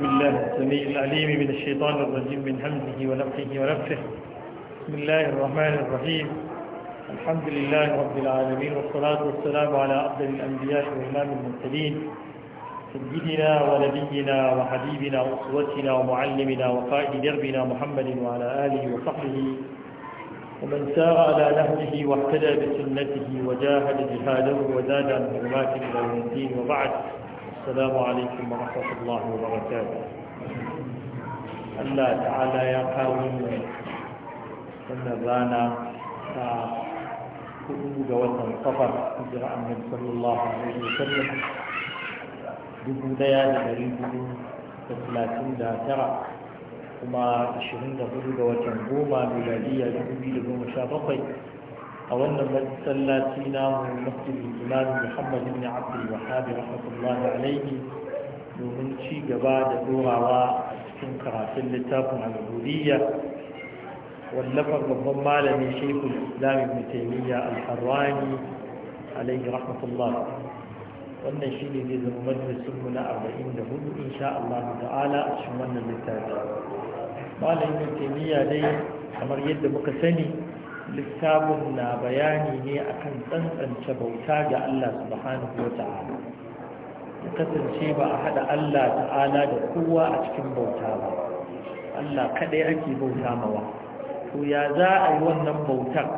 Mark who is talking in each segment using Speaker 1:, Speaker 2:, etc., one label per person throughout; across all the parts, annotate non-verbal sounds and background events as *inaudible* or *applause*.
Speaker 1: بالله السميع العليم من الشيطان الرجيم من همزه ونفخه ونفخه بسم الله الرحمن الرحيم الحمد لله رب العالمين والصلاة والسلام على أفضل الأنبياء وإمام المرسلين سيدنا ونبينا وحبيبنا وأسوتنا ومعلمنا وقائد دربنا محمد وعلى آله وصحبه ومن سار على نهجه واهتدى بسنته وجاهد جهاده وزاد عن حرمات إلى الدين وبعد السلام عليكم ورحمة الله وبركاته Allah ta'ala ya kawo mu wannan rana ta hudu ga watan safar hijira annabi sallallahu alaihi dubu daya da dari hudu da talatin da tara kuma ashirin da da A wannan masallaci na من مسجد الإمام محمد بن عبد الوهاب رحمة الله domin ci gaba da dorawa a cikin karatun littafin al'aduriya wallafar babban malami shekul islami mutaniya al-harrani alaihi rahmatullah wannan shi ne zai zama majalisunmu na 44 insha Allah ta'ala a cikin wannan littafi malamin mutaniya dai kamar yadda muka sani littafin na bayani ne akan tsantsance bauta ga Allah subhanahu wa ta'ala ya kasance ba a haɗa Allah ta'ala da kowa a cikin bauta ba Allah kaɗai ake bauta mawa to ya za a yi wannan bautar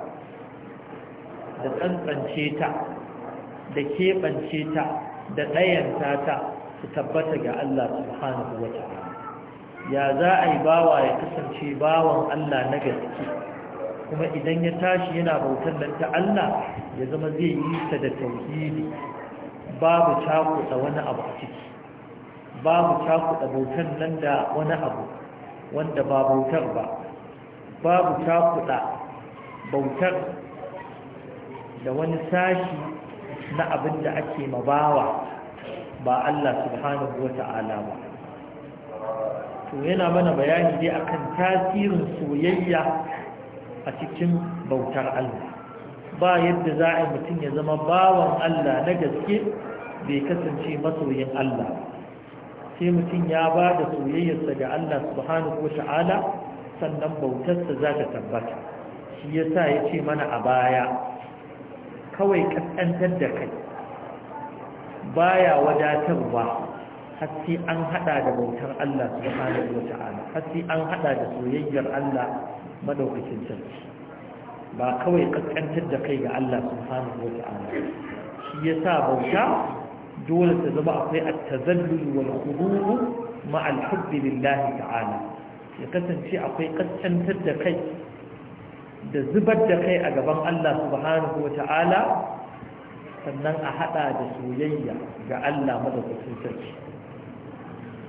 Speaker 1: da tsantsance ta da keɓance ta da ɗayanta ta su tabbata ga Allah subhanahu wa ta'ala ya za a yi bawa ya kasance bawan Allah na gaske kuma idan ya tashi yana bautar nan ta Allah ya zama zai yi ta da tauhidi babu cakuɗa wani abu a ciki babu cakuɗa bautar nan da wani abu wanda ba bautar ba babu cakuɗa bautar da wani sashi na abin da ake mabawa ba Allah subhanahu wa ta'ala ba to yana mana bayani dai akan tasirin soyayya a cikin bautar Allah ba yadda za a mutum ya zama bawan Allah na gaske bai kasance masoyin Allah sai mutum ya ba da soyayyarsa ga Allah subhanahu wata'ala sannan bautarsa za ta tabbata shi ya sa ya ce mana a baya kawai kaskantar da kai baya wadatarwa sai an hada da bautar Allah subhanahu wata'ala an hada da soyayyar Allah madaukakin sarki ba kawai ƙasƙantar da kai ga Allah subhanahu wata'ala shi yasa bauta dole ta zama akwai at-tazallul wal khudu' ma al lillahi ta'ala ya kasance akwai ƙasƙantar da kai da zubar da kai a gaban Allah subhanahu ta'ala sannan a haɗa da soyayya ga Allah madaukakin sarki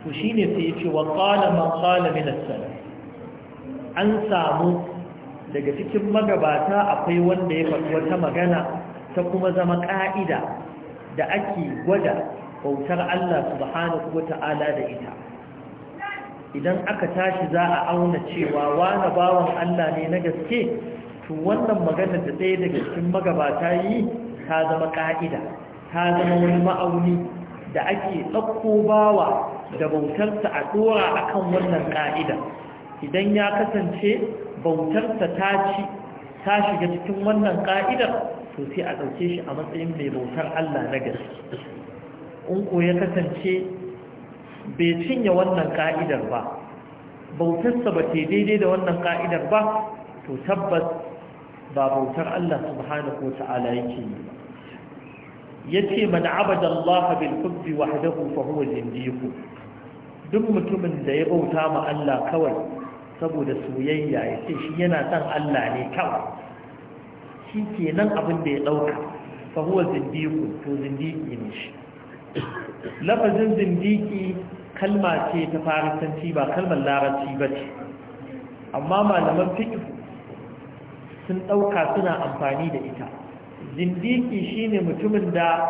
Speaker 1: to shine sai yace wa qala man qala min as an samu daga cikin magabata akwai wanda ya faɗi wata magana ta kuma zama ƙa'ida da ake gwada bautar Allah subhanahu Ta'ala da ita idan aka tashi za a auna cewa wani bawan Allah ne na gaske to wannan magana da ɗaya daga cikin magabata yi ta zama ƙa'ida ta zama wani ma'auni da ake ɗauko bawa da bautarsa a ɗora akan wannan ƙa'ida idan ya kasance bautarsa ta ci ta shiga cikin wannan ka'idar to sai a ɗauke shi a matsayin mai bautar Allah na gaske in ko ya kasance bai cinye wannan ka'idar ba bautarsa ba ta daidai da wannan ka'idar ba to tabbas ba bautar Allah subhanahu wata'ala yake yi yace man abada Allah bil hubbi wahdahu fa huwa zindiq duk mutumin da ya bauta ma Allah kawai saboda soyayya ya ce shi yana son Allah ne kawai shi ke nan abin da ya ɗauka fahuwa zindiku to zindiki ne shi lafazin zindiki kalma ce ta farisanci ba kalmar larabci ba ce amma malaman fiƙi sun ɗauka suna amfani da ita zindiki shine mutumin da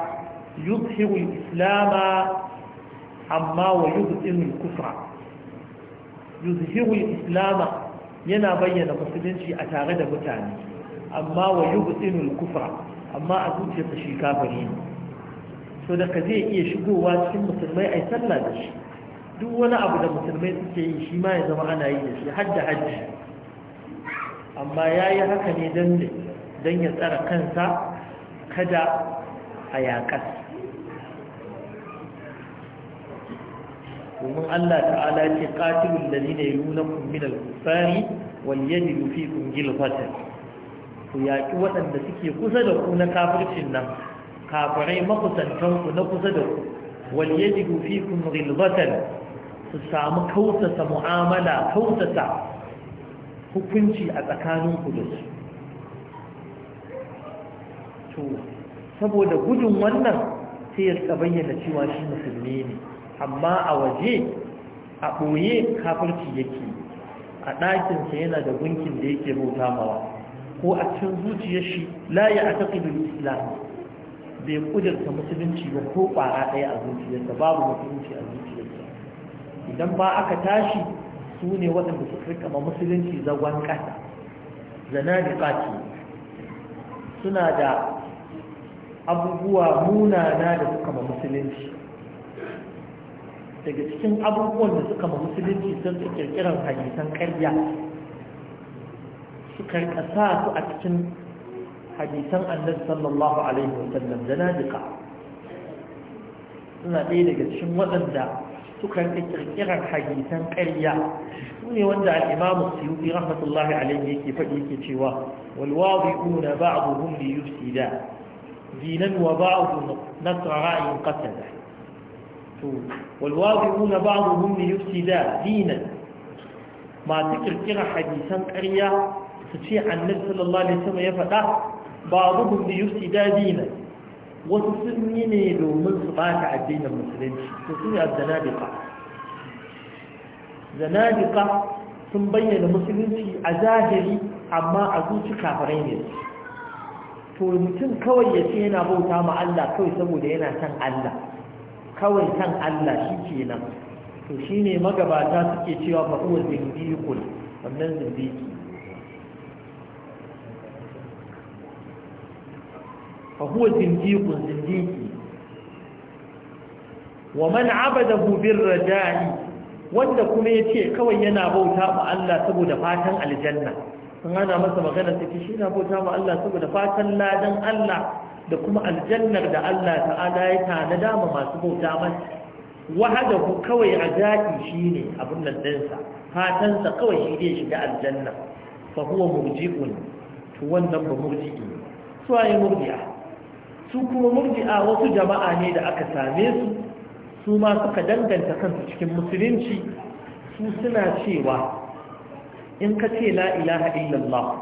Speaker 1: yuzhiru islama amma wa yuzhiru kufra yuzhiru islama yana bayyana musulunci a tare da mutane amma wa yubtinu kufra amma a zuciyarsa shi kafiri ne so da ka zai iya shigowa cikin musulmai ai sallah da shi duk wani abu da musulmai suke yi shi ma ya zama ana yi da shi har da hajji amma ya yi haka ne don ya tsara kansa kada a yakas domin Allah ta'ala ce da ladina yalunakum min al-kuffari wal yajidu fikum ghilfatan ku yaki waɗanda suke kusa da ku na kafircin nan kafirai makusantan ku na kusa da ku wal yajidu fikum ghilfatan su samu kautata mu'amala kautata hukunci a tsakanin ku da su to saboda gudun wannan sai ya bayyana cewa shi musulmi ne amma a waje a ɓoye kafirci yake a ɗakinsa yana da gunkin da yake bauta mawa ko a cikin zuciyar shi la ya ataqi bil islam bai kudurta musulunci ba ko ƙwara ɗaya a zuciyarsa babu musulunci a zuciyarsa idan ba aka tashi su ne waɗanda suka rika ma musulunci zagon ƙasa zana da ƙaki suna da abubuwa munana da suka ma musulunci daga cikin abubuwan da suka ma musulunci sun su kirkirar hadisan karya su karka sa su a cikin hadisan annabi sallallahu alaihi wasallam da nadika suna ɗaya daga cikin waɗanda suka rika kirkirar hadisan karya su ne wanda al'imamu su yi rahmatullahi alaihi yake faɗi yake cewa walwazi una ba'aduhum li da dinan wa ba ba'adu nasra ra'ayin qasada والواضعون بعضهم ليفسد دينا ما تكرر حديثا قرية تشيع النبي صلى الله عليه وسلم يفتح بعضهم ليفسد دينا وتسميني لمن صباح الدين المسلم تسمي الزنادقة زنادقة sun bayyana musulunci a zahiri amma a zuci kafirai ne to mutum kawai ya ce yana bauta ma Allah kawai saboda yana san Allah kawai kan Allah shi nan to shine magabata suke cewa fa huwa zindiqul wannan zindiki fa huwa zindiki wa man abada bir raja'i wanda kuma ya ce kawai yana bauta ma Allah saboda fatan aljanna Sun hana masa magana take shi na bauta ma Allah saboda fatan ladan Allah da kuma aljannar da Allah ta'ala ya tana dama masu bauta masa wahadahu kawai a zaɓi shi ne abin nan ɗinsa fatansa kawai shi ne shiga aljanna fa huwa murji'un to wannan ba murji'i ne su waye murji'a su kuma murji'a wasu jama'a ne da aka same su su ma suka danganta kansu cikin musulunci su suna cewa in ka ce la ilaha illallah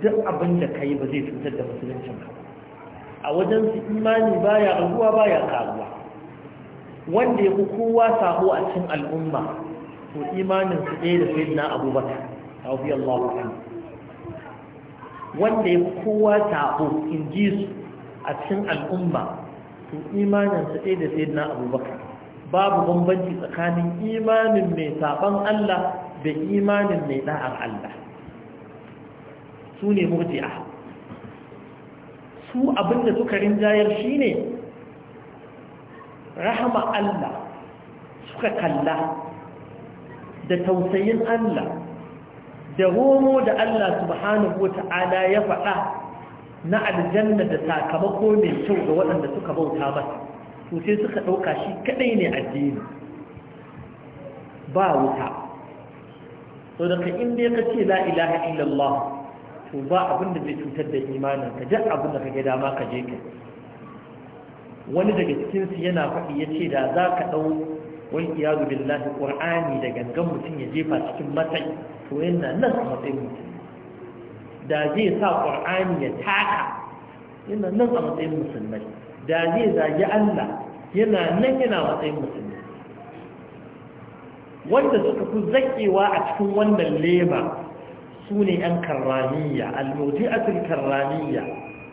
Speaker 1: duk abin da ka yi ba zai cutar da musuluncin ka a wajen su imani baya raguwa baya karuwa wanda ya fi kowa sabo a cikin al'umma to imanin su ɗaya da sai na abubakar rabi Allahu anhu wanda ya fi kowa sabo in ji su a cikin al'umma to imanin su ɗaya da sai na abubakar babu bambanci tsakanin imanin mai saban Allah da imanin mai da'ar Allah su ne murji'a su abinda suka rinjayar shine rahama Allah suka kalla da tausayin Allah da homo da Allah subhanahu wata'ala ya faɗa na aljanna da sakamako mai kyau ga waɗanda suka bauta masa to sai suka ɗauka shi kaɗai ne addini ba wuta so da ka inda ya ce la ilaha illallah to ba abin da zai cutar da imanin ka je abin da kage dama ka je ka wani daga cikin su yana faɗi ya ce da za ka ɗau wani iyadu billahi ƙur'ani da gangan mutum ya jefa cikin matsayi to yana nan a matsayin mutum da zai sa ƙur'ani ya taka yana nan a matsayin musulmai da zai zagi Allah yana nan yana matsayin musulmi wanda suka fi zakewa a cikin wannan lema su ne ‘yan karraniya almurji'atul karraniya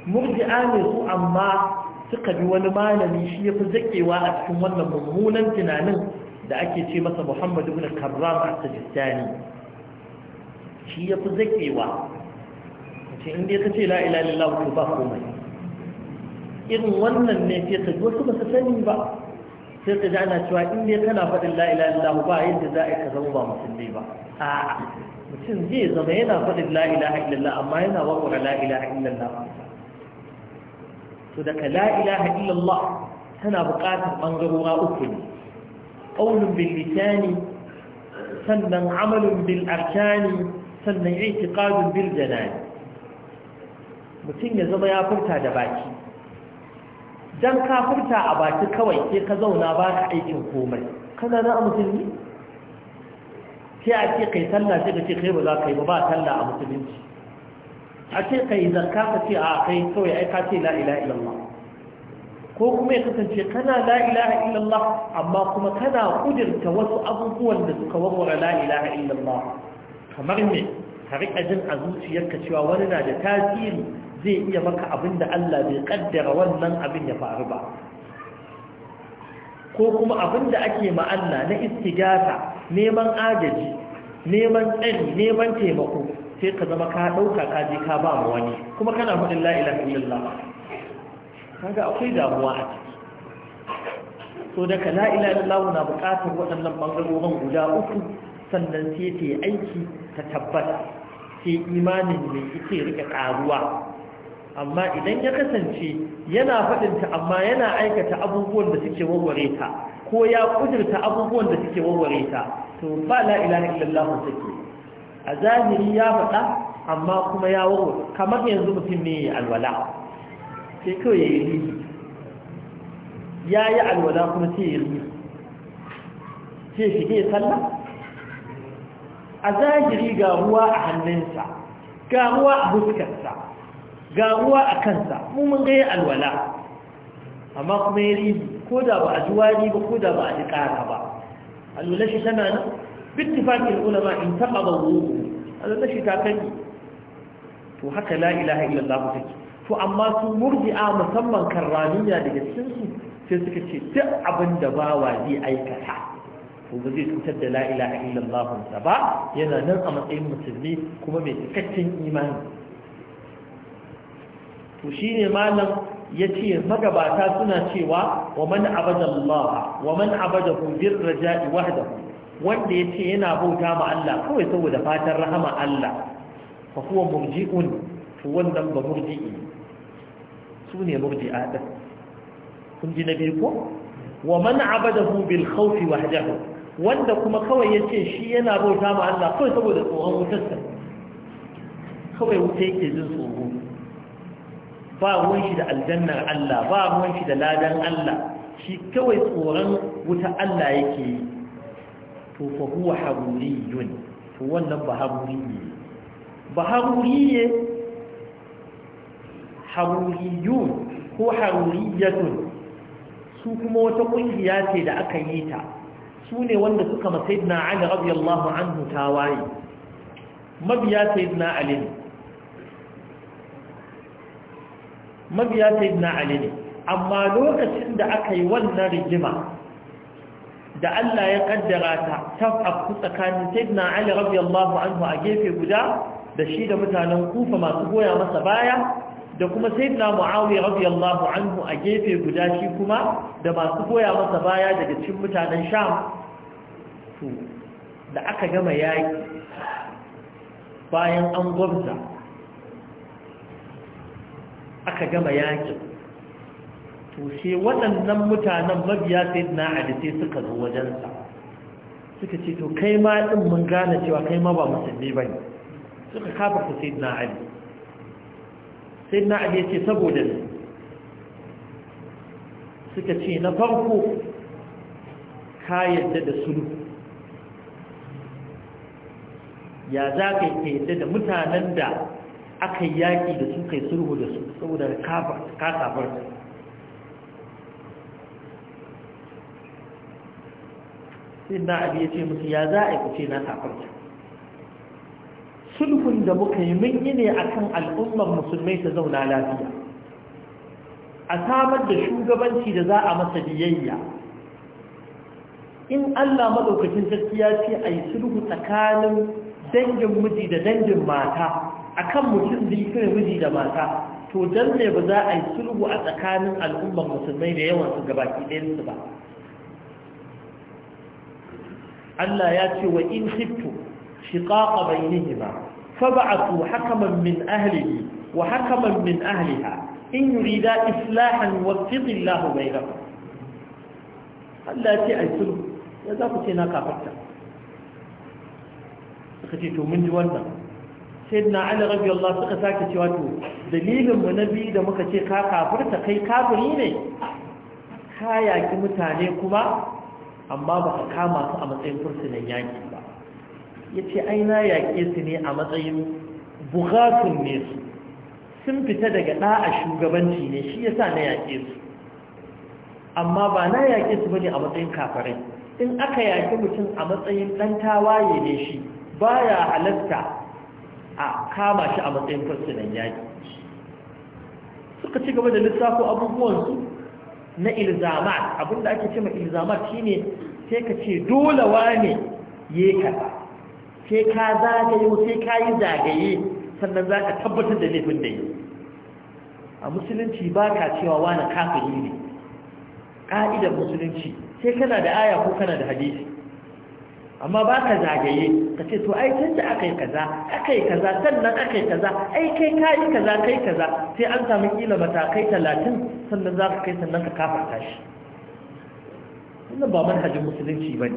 Speaker 1: murji'a ne su amma suka bi wani malami shi ya fi zaƙewa a cikin wannan mummunan tunanin da ake ce masa muhammadu ibn karram a sajistani shi ya fi zaƙewa ce inda ya kace la'ila lallahu to ba komai irin wannan ne fiye ka wasu ba su sani ba sai ta ji ana cewa inda kana faɗin la'ila ba yadda za a yi ka zama ba musulmi ba a'a mutum zai zama yana faɗin la'ilaha illallah amma yana warware la'ilaha illallah to daga la'ilaha illallah tana buƙatar ɓangarora uku ne ƙaunin bilitani sannan amalin bil'arkani sannan itikadun biljanani mutum ya zama ya furta da baki don ka furta a baki kawai sai ka zauna ba ka aikin komai kana na mutum musulmi sai a ce kai sallah sai ka ce kai ba za ka yi ba ba sallah a musulunci a ce kai zakka ka ce a kai kawai ai ce la illallah ko kuma ya kasance kana la ilaha illallah amma kuma kana kudirta wasu abubuwan da suka warware la ilaha illallah kamar me ka riƙa jin a zuciyarka cewa wani na da tasiri zai iya maka abin da Allah bai kaddara wannan abin ya faru ba ko kuma abin da ake ma'ana na istigata neman agaji neman tsari neman taimako sai ka zama ka ɗauka ka je ka ba mu wani kuma kana hudun la'ila illallah kaga akwai damuwa a ciki so daga la'ila na buƙatar waɗannan ɓangarorin guda uku sannan sai ta yi aiki ta tabbata sai imanin mai ita rika ƙaruwa amma idan ya kasance yana faɗinta amma yana aikata abubuwan da suke warware ta ko ya kudurta abubuwan da suke warware ta to ba la ilaha illallah take a zahiri ya faɗa amma kuma ya warware kamar yanzu mutum ne alwala sai kawai ya yi rihi ya yi alwala kuma sai ya rihi sai shige sallah a zahiri ga ruwa a hannunsa ga ruwa a huskarsa ga ruwa a kansa mu mun ga alwala amma kuma ya ribi ko da ba a juwani ba ko da ba a ji ƙara ba alwala shi tana nan bittifaƙin ulama in taɓa ba wuku alwala shi ta kai to haka la ilaha illallah take to amma su murji'a musamman karraniya daga cikinsu, sai suka ce duk abin da bawa zai aikata to ba zai cutar da la ilaha illallah ba yana nan a matsayin musulmi kuma mai cikakken imani to shi ne malam ya ce magabata suna cewa wa man abada Allah wa man abadahu bir raja'i wahdahu wanda ya ce yana bauta ma Allah kawai saboda fatan rahama Allah fa kuwa murji'un to wannan ba murji'i sune murji'a da kun ji na biyu ko wa man abadahu bil khawfi wahdahu wanda kuma kawai ya ce shi yana bauta ma Allah kawai saboda tsoron wutarsa kawai wuta yake jin tsoro ba ruwan shi da aljannar Allah ba ruwan shi da ladan Allah shi kawai tsoron wuta Allah yake yi to fa huwa haruriyun to wannan ba haruri ba haruri haruriyun ko haruriyatun su kuma wata kungiya ce da aka yi ta su ne wanda suka masai na ali an anhu mabiya sayyidina ali mabiya sayyidina ali ne amma lokacin da aka yi wannan rigima da Allah ya kaddara ta tafafku tsakanin sayyidina ali radiyallahu anhu a gefe guda da shi da mutanen kufa masu goya masa baya da kuma sayyidina muawiya radiyallahu anhu a gefe guda shi kuma da masu goya masa baya daga cikin mutanen sham to da aka gama yaki bayan an gwamza aka gama yakin to shi waɗannan mutanen mabiya sai na ali sai suka zo wajensa suka ce to kai ma ɗin mun gane cewa kai ma ba musulmi ba ne suka kafa ku sai na ali sai na ce saboda ne suka ce na farko ka yadda da sulhu ya za ka yadda da mutanen da aka yaƙi da su kai sulhu da su saboda ka safar sai na abu ya ce musu ya za a yi kuce na safar sulhun da muka yi mun yi ne a kan al'ummar musulmai ta zauna lafiya a samar da shugabanci da za a masa biyayya in allah maɗaukacin sarki ya ce a yi sulhu tsakanin dangin miji da dangin mata akan mutum biyu kai miji da mata to dan ne ba za a yi sulhu a tsakanin al'ummar musulmai da yawan su gabaki ɗayan su ba Allah ya ce wa in khiftu shiqaqa bainihima fab'athu hakaman min ahlihi wa hakaman min ahliha in yurida islahan waffiq bai bainahum Allah ya ce yi sulhu ya za ku ce na kafarta suka ce to mun ji wannan sai na ali rabi Allah suka sake cewa to dalilinmu na biyu da muka ce ka kafirta kai kafiri ne ka yaki mutane kuma amma ba ka kama su a matsayin fursunan yaki ba ya ce aina yaƙe su ne a matsayin bukatun ne su sun fita daga ɗa'a shugabanci ne shi ya sa na yaƙe su amma ba na yaƙe su bane a matsayin kafarai in aka yaƙi mutum a matsayin ɗan tawaye ne shi baya halatta a kama shi a matsayin na yaƙi suka ci gaba da lissafo abubuwansu na ilzamat abinda ake ce ma ilzamat shine sai ka ce dole wane ya ka? sai ka zagayo sai ka yi zagaye sannan za ka tabbatar da laifin da yi a musulunci ba ka cewa kafin yi ne ƙa'idar musulunci sai kana da aya ko kana da hadisi amma ba ka zagaye ka ce to ai canza aka yi kaza aka yi kaza sannan aka yi kaza ai kai ka yi kaza kai kaza sai an samu kila matakai talatin sannan za ka kai sannan ka kafarta shi wannan ba manhajin musulunci ba ne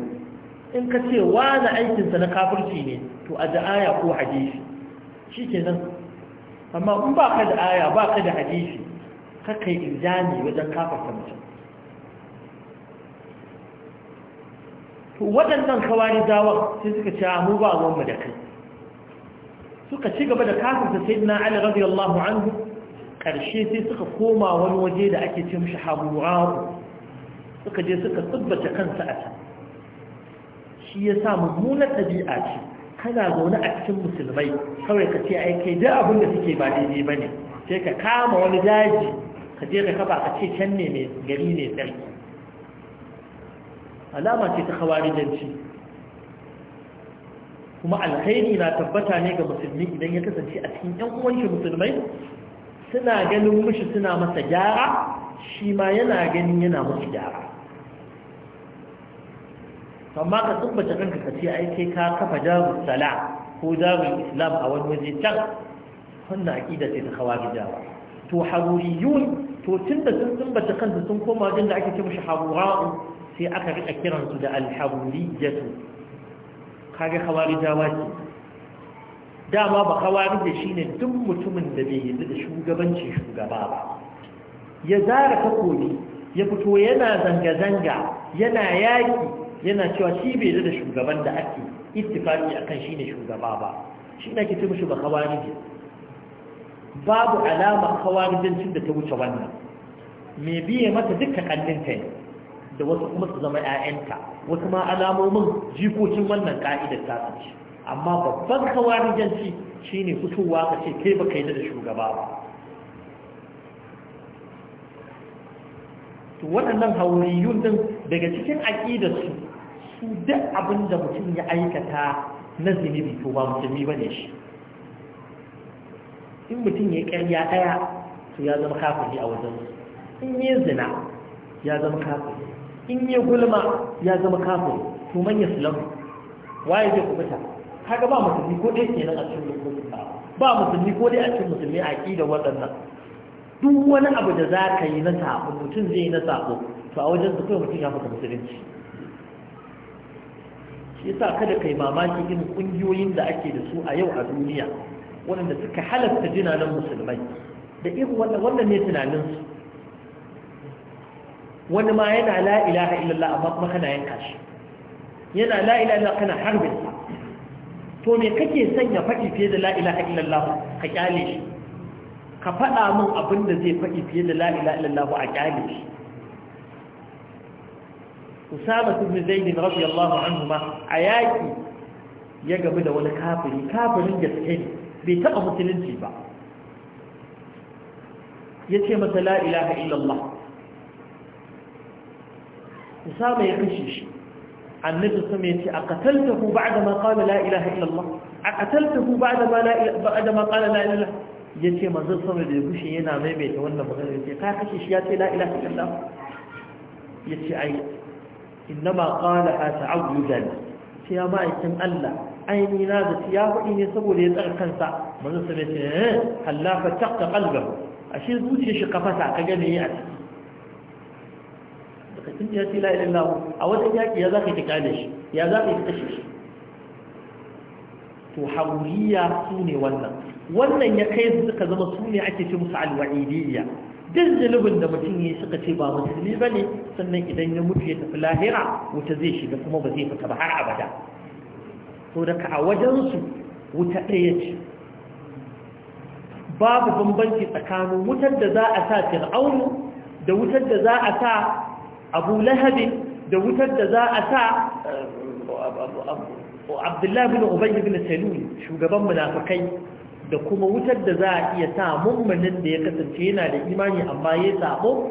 Speaker 1: in ka ce wa wani aikinsa na kafirci ne to a da'aya ko hadisi shi ke nan amma in ba ka da ba ka da hadisi ka kai injani wajen kafarta mutum waɗannan kawari dawa sai suka ce mu ba mu da kai suka ci gaba da kafinta Sayyidina ali radiyallahu anhu ƙarshe sai suka koma wani waje da ake ce mishi hamurawu suka je suka tsubbata kansa a can shi ya sa mummunar ɗabi'a ce kana zaune a cikin musulmai kawai ka ce ai kai da abin da suke ba daidai ba ne sai ka kama wani daji ka je ka kaba ka ce can ne mai gari ne sarki alama ce ta khawarijanci kuma alkhairi na tabbata ne ga musulmi idan ya kasance a cikin ƴan uwanshi musulmai suna ganin mushi suna masa gyara shi ma yana ganin yana musu gyara amma ka tsubbace kanka ka ce ai kai ka kafa jarun sala ko jarun islam a wani waje can wannan aqida ce ta khawarijawa to haruriyun to tunda sun tsubbace kansu sun koma wajen da ake ce mashi harura'u sai aka rika kiransu da alhauliyatu kage khawarijawa ce dama ba Da shi ne duk mutumin da bai yi da shugabanci shugaba ba ya zara takobi ya fito yana zanga-zanga yana yaki yana cewa shi bai yi da shugaban da ake ittifaki akan ne shugaba ba shi ne ake cimushi ba hawari khawarija babu alama jancin da ta wuce wannan mai biye mata duka kallinta ne da wasu kuma su zama 'ya'yanka wasu ma alamomin jikokin wannan ka'idar ta ce amma babban kawarijanci shine fitowa ka ce kai baka yi da shugaba ba to waɗannan hauriyun din daga cikin aƙidarsu su da abin da mutum ya aikata na zunubi to ba mutum ba ne shi in mutum ya ƙarya ɗaya to ya zama kafiri a wajen in yi zina ya zama kafiri in ya gulma ya zama kafin to manya sulam waye zai kubuta kaga ba musulmi ko dai kenan a cikin lokacin ba musulmi ko dai a cikin musulmi a da waɗannan duk wani abu da za ka yi na sako mutum zai yi na sako to a wajen su kai mutum ya fita musulunci shi yasa kada kai mamaki in kungiyoyin da ake da su a yau a duniya waɗanda suka halatta jinanan musulmai da irin wannan wannan ne tunaninsu wani ma yana la'ilaha illallah amma kuma kana yanka shi yana la'ilaha illallah kana harbin to me kake son ya faɗi fiye da la'ilaha illallah ka ƙyale, shi ka faɗa min abin da zai faɗi fiye da la'ilaha illallah a ƙyale? shi Usama ibn Zaid radiyallahu anhu ma yaƙi ya gabu da wani kafiri kafirin gaske ne bai taɓa musulunci ba ya ce masa la'ilaha illallah usama ya kashe shi annabi sama yace aqataltahu ba'da ma qala la ilaha illa Allah aqataltahu ba'da ma la ilaha ba'da ma qala la ilaha yace manzon sama da ya gushe yana maimaita wannan magana yace ka kashe shi yace la ilaha illa Allah yace ai innama qalaha ta'awudan sai ya ma'aikin Allah aini na da ya faɗi ne saboda ya tsara kansa manzon sama yace eh Allah fa taqta qalbahu ashe zuciyar shi kafasa ka gane ya a ka tun ya tila ilin lahu a wajen yaƙi ya za ka yi ta shi ya za ka yi kashe shi to hauriya su ne wannan wannan ya kai su suka zama su ne ake ce musu alwa'idiyya duk zunubin da mutum ya suka ce ba musulmi ba ne sannan idan ya mutu ya tafi lahira wuta zai shiga kuma ba zai fita ba har abada to daga a wajensu wuta ɗaya ce babu bambanci tsakanin wutar da za a sa fir'aunu da wutar da za a sa abu lahabin da wutar da za a sa eh, abdullahi bin ubayi bin salul shugaban munafakai da kuma wutar da za a iya sa mummunin da ya kasance yana da imani amma ya sabo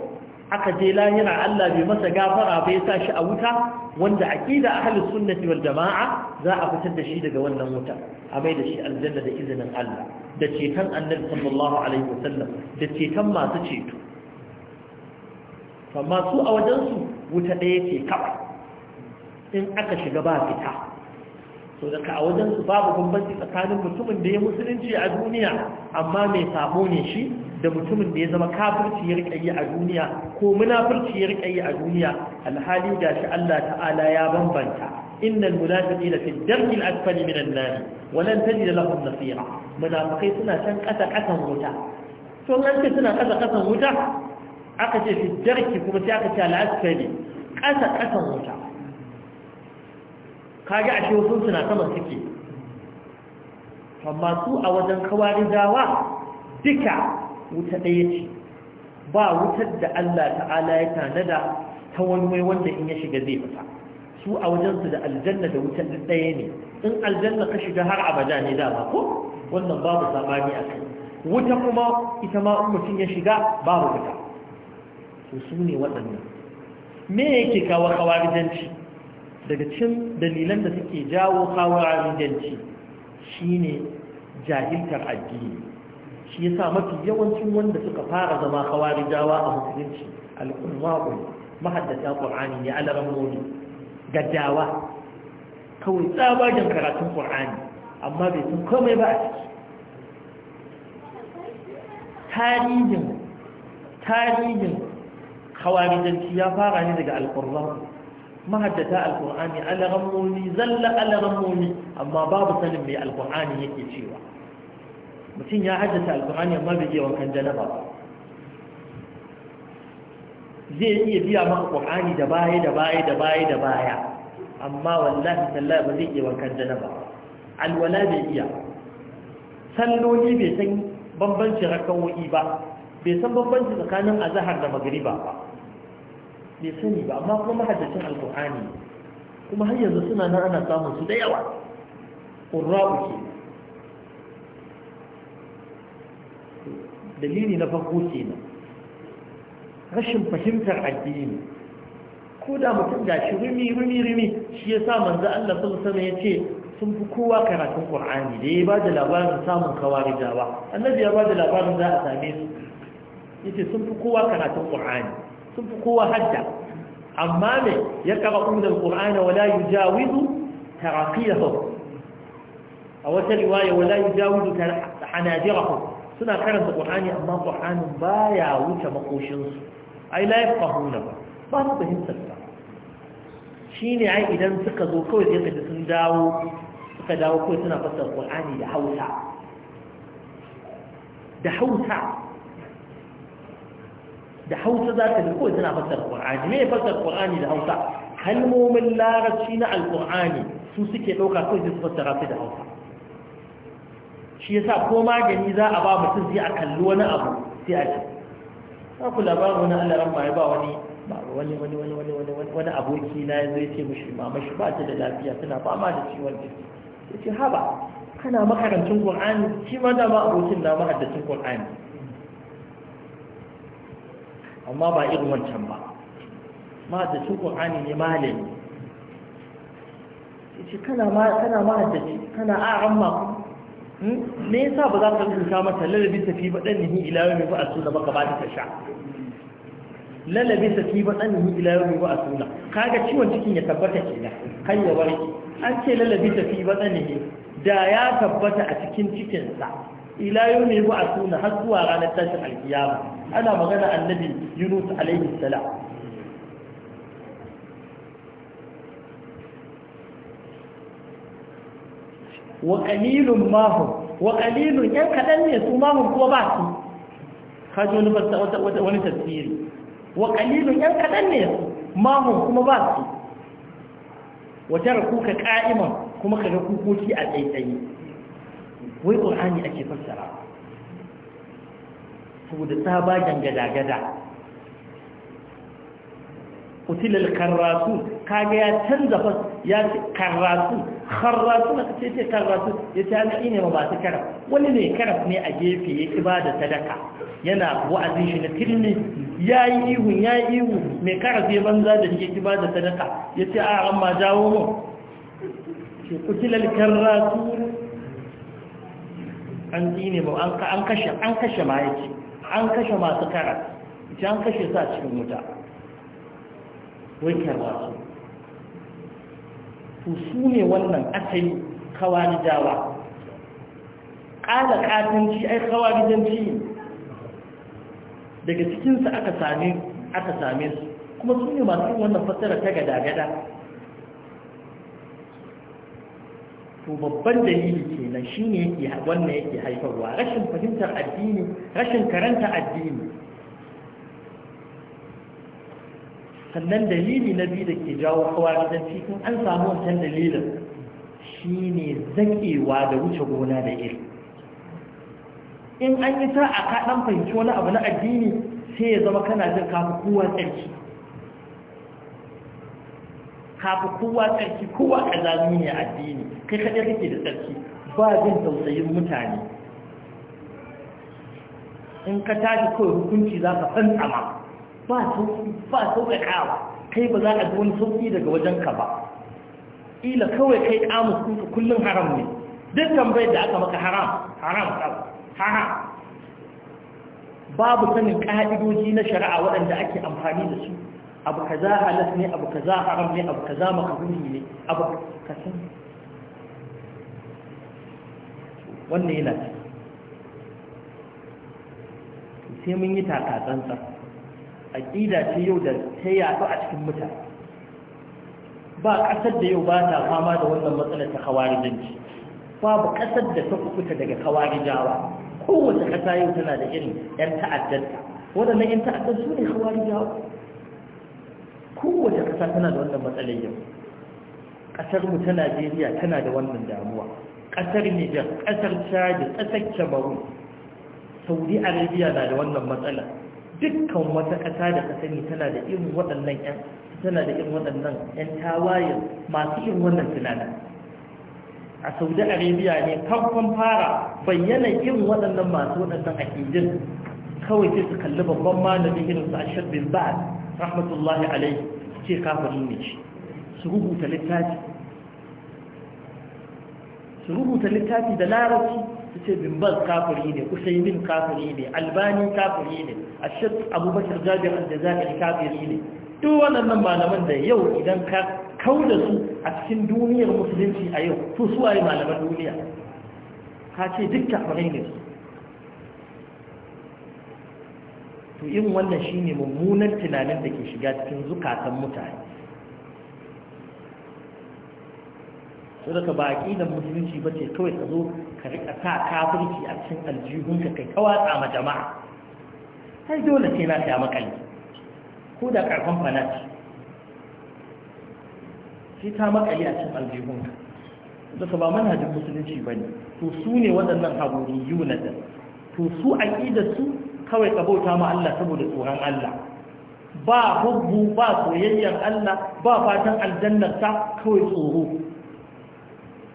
Speaker 1: aka je lahira Allah bai masa gafara bai sa shi a wuta wanda aqida ahlus sunnati wal jamaa za a fitar da shi daga wannan wuta a mai da shi aljanna da izinin Allah da ceton annabi sallallahu alaihi wasallam da ceton masu ceto amma su a wajensu wuta ɗaya ce kawai in aka shiga ba fita so daga a wajensu babu bambanci tsakanin mutumin da ya musulunci a duniya amma mai sabo ne shi da mutumin da ya zama kafirci ya riƙa a duniya ko munafirci ya riƙa a duniya alhali da shi Allah ta'ala ya bambanta innal munafiqina fi ad-darki al-asfali min an-nar wa lan tajid lahum nasira munafiqai suna can kasa kasan wuta to suna kasa kasan wuta aka ce fi jarki kuma sai aka ce al'askari ƙasa ƙasan wuta kaga a shehun suna sama suke amma su a wajen kawari dawa duka wuta ɗaya ce ba wutar da Allah ta'ala ya tanada ta wani mai wanda in ya shiga zai fita su a wajensu da aljanna da wutar ɗaya ne in aljanna ka shiga har abada ne dama ko wannan babu sabani a kai wuta kuma ita ma mutum ya shiga babu fita to su ne waɗannan me yake kawo kawarijanci daga cin dalilan da suke jawo kawarijanci ne jahiltar addini shi ya sa mafi yawancin wanda suka fara zama kawarijawa a musulunci al'umma'ul mahaddata ƙur'ani ne alaran moli gaddawa kawai tsabagen karatun ƙur'ani, amma bai san komai ba a ciki tarihin tarihin hawarijanci ya fara ne daga alƙur'an mahaddata alƙur'ani alaramoni zalla alaramoni amma babu sanin mai alƙur'ani yake cewa mutum ya haddata alƙur'ani amma bai iya wankan janaba ba zai iya biya maka ƙur'ani da baya da baya da baya da baya amma wallahi tallahi ba zai iya wankan janaba alwala bai iya salloli bai san bambancin rakawo'i ba bai san bambanci tsakanin azahar da magriba ba bai sani ba amma kuma mahaddacin alkur'ani kuma har yanzu suna nan ana samun su da yawa ƙurra'u ke dalili na farko ke nan rashin fahimtar addini ko da mutum ga shi rumi rumi rumi shi ya sa manzo Allah sallallahu alaihi ya ce sun fi kowa karatun Qur'ani da ya ba da labarin samun kawarijawa annabi ya ba da labarin za a same su yace sun fi kowa karatun qur'ani sun fi kowa hadda amma me ya qara'una alqur'ana wala yujawizu taraqiyahu a wata riwaya wala yujawizu hanajirahu suna karanta qur'ani amma qur'anin baya wuce makoshin su ai la yafqahuna ba ba su fahimtar sa shine ai idan suka zo kawai sai kaji sun dawo suka dawo kawai suna fassara qur'ani da Hausa da Hausa da hausa za ta kawai suna fasar ƙwar'ani me fasar ƙwar'ani da hausa kalmomin larabci na alƙwar'ani su suke ɗauka kawai su fassara rafi da hausa shi yasa ko magani za a ba mutum sai a kalli wani abu sai a ce za ku labarin wani allah ramma ya ba wani wani wani wani wani wani wani aboki na ya zai ce mushi Ma shi ba ta da lafiya Suna fama da ciwon jiki ya ce haba kana makarancin ƙwar'ani shi ma dama abokin na mahaddacin ƙwar'ani amma ba irin wancan ba ma da su qur'ani ne malami yace kana ma kana ma da kana a amma hmm? me yasa ba za ka rubuta mata lalabi tafi ba dan ni ila yau ba a sunna ba ka ba ta sha lalabi tafi ba dan ni ila yau ba a sunna kaga ciwon cikin ya tabbata kenan kai ya bari an ce lalabi tafi ba dan ni da ya tabbata a cikin cikinsa ila yau ne ba a tuna har zuwa ranar tashin alkiyama ana magana annabi yunus alaihi salam wa qalilun mahum wa qalilun yan kadan ne su mahum kuma ba su kaji wani wani tafsiri wa qalilun yan kadan ne su mahum kuma ba su wa tarakuka qa'iman kuma kaga kukoki a tsaitsaye wai ƙur'ani ake fassara saboda ta tsabagen gada-gada utilil karrasu kaga ya canza fas ya ce karrasu karrasu na ce ce karrasu ya ce ana ne ma masu karaf wani ne karaf ne a gefe ya da sadaka yana wa'azin shi na kirni ya yi ihu ya yi ihu mai karaf ya banza da ya ba da sadaka ya ce a amma jawo mu Ku utilil karrasu an tsine ba an kashe an kashe ma an kashe masu kara ita an kashe su a cikin wuta wai karwa su to su ne wannan asali kawani jawa ƙala ƙatanci ai kawani zanci daga cikinsu aka same su kuma su ne masu wannan fasara ta gada-gada to babban dalili kenan shi yake wannan yake haifarwa rashin fahimtar addini rashin karanta addini sannan dalili na biyu da ke jawo gidan cikin an samu wancan dalilin shine zakewa da wuce gona da iri in an yi sa'a ka dan fahimci wani abu na addini sai ya zama kana jin kafa kowa tsarki kafi kowa tsarki kowa kazami ne addini kai kaɗai kake da tsarki ba jin tausayin mutane in ka tashi kawai hukunci za ka fantsama ba sauki ba sauƙaƙawa kai ba za a ji wani sauƙi daga wajenka ba ila kawai kai kamus kuka kullum haram ne duk tambayar da aka maka haram haram haram babu sanin ƙa'idoji na shari'a waɗanda ake amfani da su abu kaza halas ne abu kaza haram ne abu kaza makaruhi ne abu kasan wannan yana ce sai mun yi takatsantsa aƙida ce yau da ta yaɗu a cikin mutane ba ƙasar da yau ba ta fama da wannan matsalar ta kawarijanci babu ƙasar da ta kuka daga kawarijawa kowace ƙasa yau tana da irin 'yan ta'addarta waɗannan 'yan ta'addar su ne kawarijawa kowace ƙasa tana da wannan matsalin yau ƙasar mu ta najeriya tana da wannan damuwa ƙasar nijar ƙasar chadi ƙasar cameroon saudi arabia na da wannan matsala dukkan wata ƙasa da ka sani tana da irin waɗannan ƴan tana da irin waɗannan ƴan tawayen masu irin wannan tunanin a saudi arabia ne kamfan fara bayyana irin waɗannan masu waɗannan akidin kawai sai su kalli babban malami irin su a bin ba'a rahmatullahi alaihi ce kafin ne shi su rubuta littafi su rubuta littafi da larabci su ce bimbal kafiri ne usaimin kafiri ne albani kafiri ne ashir abubakar jabir al kafiri ne duk waɗannan malaman da yau idan ka kau da su a cikin duniyar musulunci a yau to su waye malaman duniya ka ce duk kafirai ne su to in wannan shine mummunan tunanin da ke shiga cikin zukatan mutane sai daga ba da musulunci ba ce kawai ka zo ka riƙa sa kafirci a cikin aljihunka kai kawatsa ma jama'a sai dole sai na ta makali ko da ƙarfin fanaci sai ta makali a cikin aljihunka daga ba manhajin musulunci ba ne to su ne waɗannan haburiyuna da to su da su kawai ka bauta ma Allah saboda tsoron Allah ba hubbu ba soyayyar Allah ba fatan aljannarsa kawai tsoro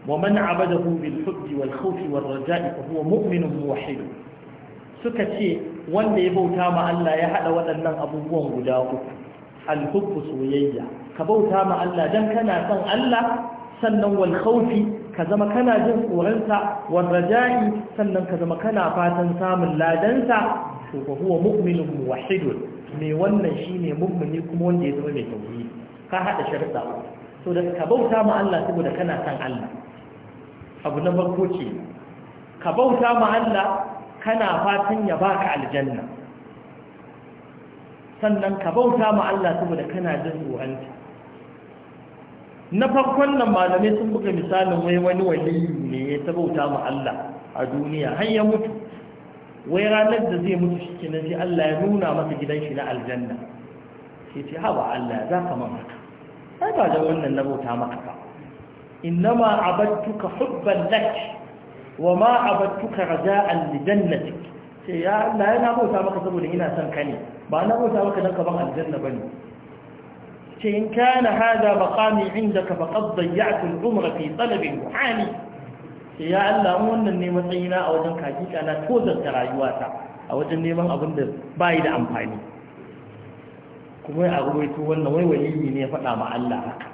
Speaker 1: wa man abadahu bil hubbi wal khawfi war raja'i fa huwa mu'minun muwahhid suka ce wanda ya bauta ma Allah ya hada waɗannan abubuwan guda uku al hubbu soyayya ka bauta ma Allah dan kana son Allah sannan wal khawfi ka zama kana jin tsoronsa wanda raja'i sannan ka zama kana fatan samun ladansa to ko huwa mu'minun muwahhidun me wannan shine mu'mini kuma wanda ya zama mai tauhidi ka hada sharuɗa to da ka bauta ma Allah saboda kana san Allah abu na farko ce ka bauta ma Allah kana fatan ya baka aljanna sannan ka bauta ma Allah saboda kana jin tsoronta na farkon nan malamai sun buga misalin wai wani wali ne ya ta bauta ma Allah a duniya har ya mutu wai ranar da zai mutu shi kenan sai Allah ya nuna masa gidan shi na aljanna sai ce hawa Allah za ka man haka sai ba da wannan na bauta maka ba innama abattuka hubban lak wa ma abattuka raja'an li jannatik sai ya Allah yana bauta maka saboda ina son ka ne ba na bauta maka don ka ban aljanna bane ce in kana hada maqami indaka faqad dayya'tu al-umra fi talab ruhani sai ya Allah mu wannan ne matsayina a wajen kakika na tozarta rayuwata a wajen neman abin da yi da amfani kuma ya ruwaito wannan wai ne ya faɗa ma Allah haka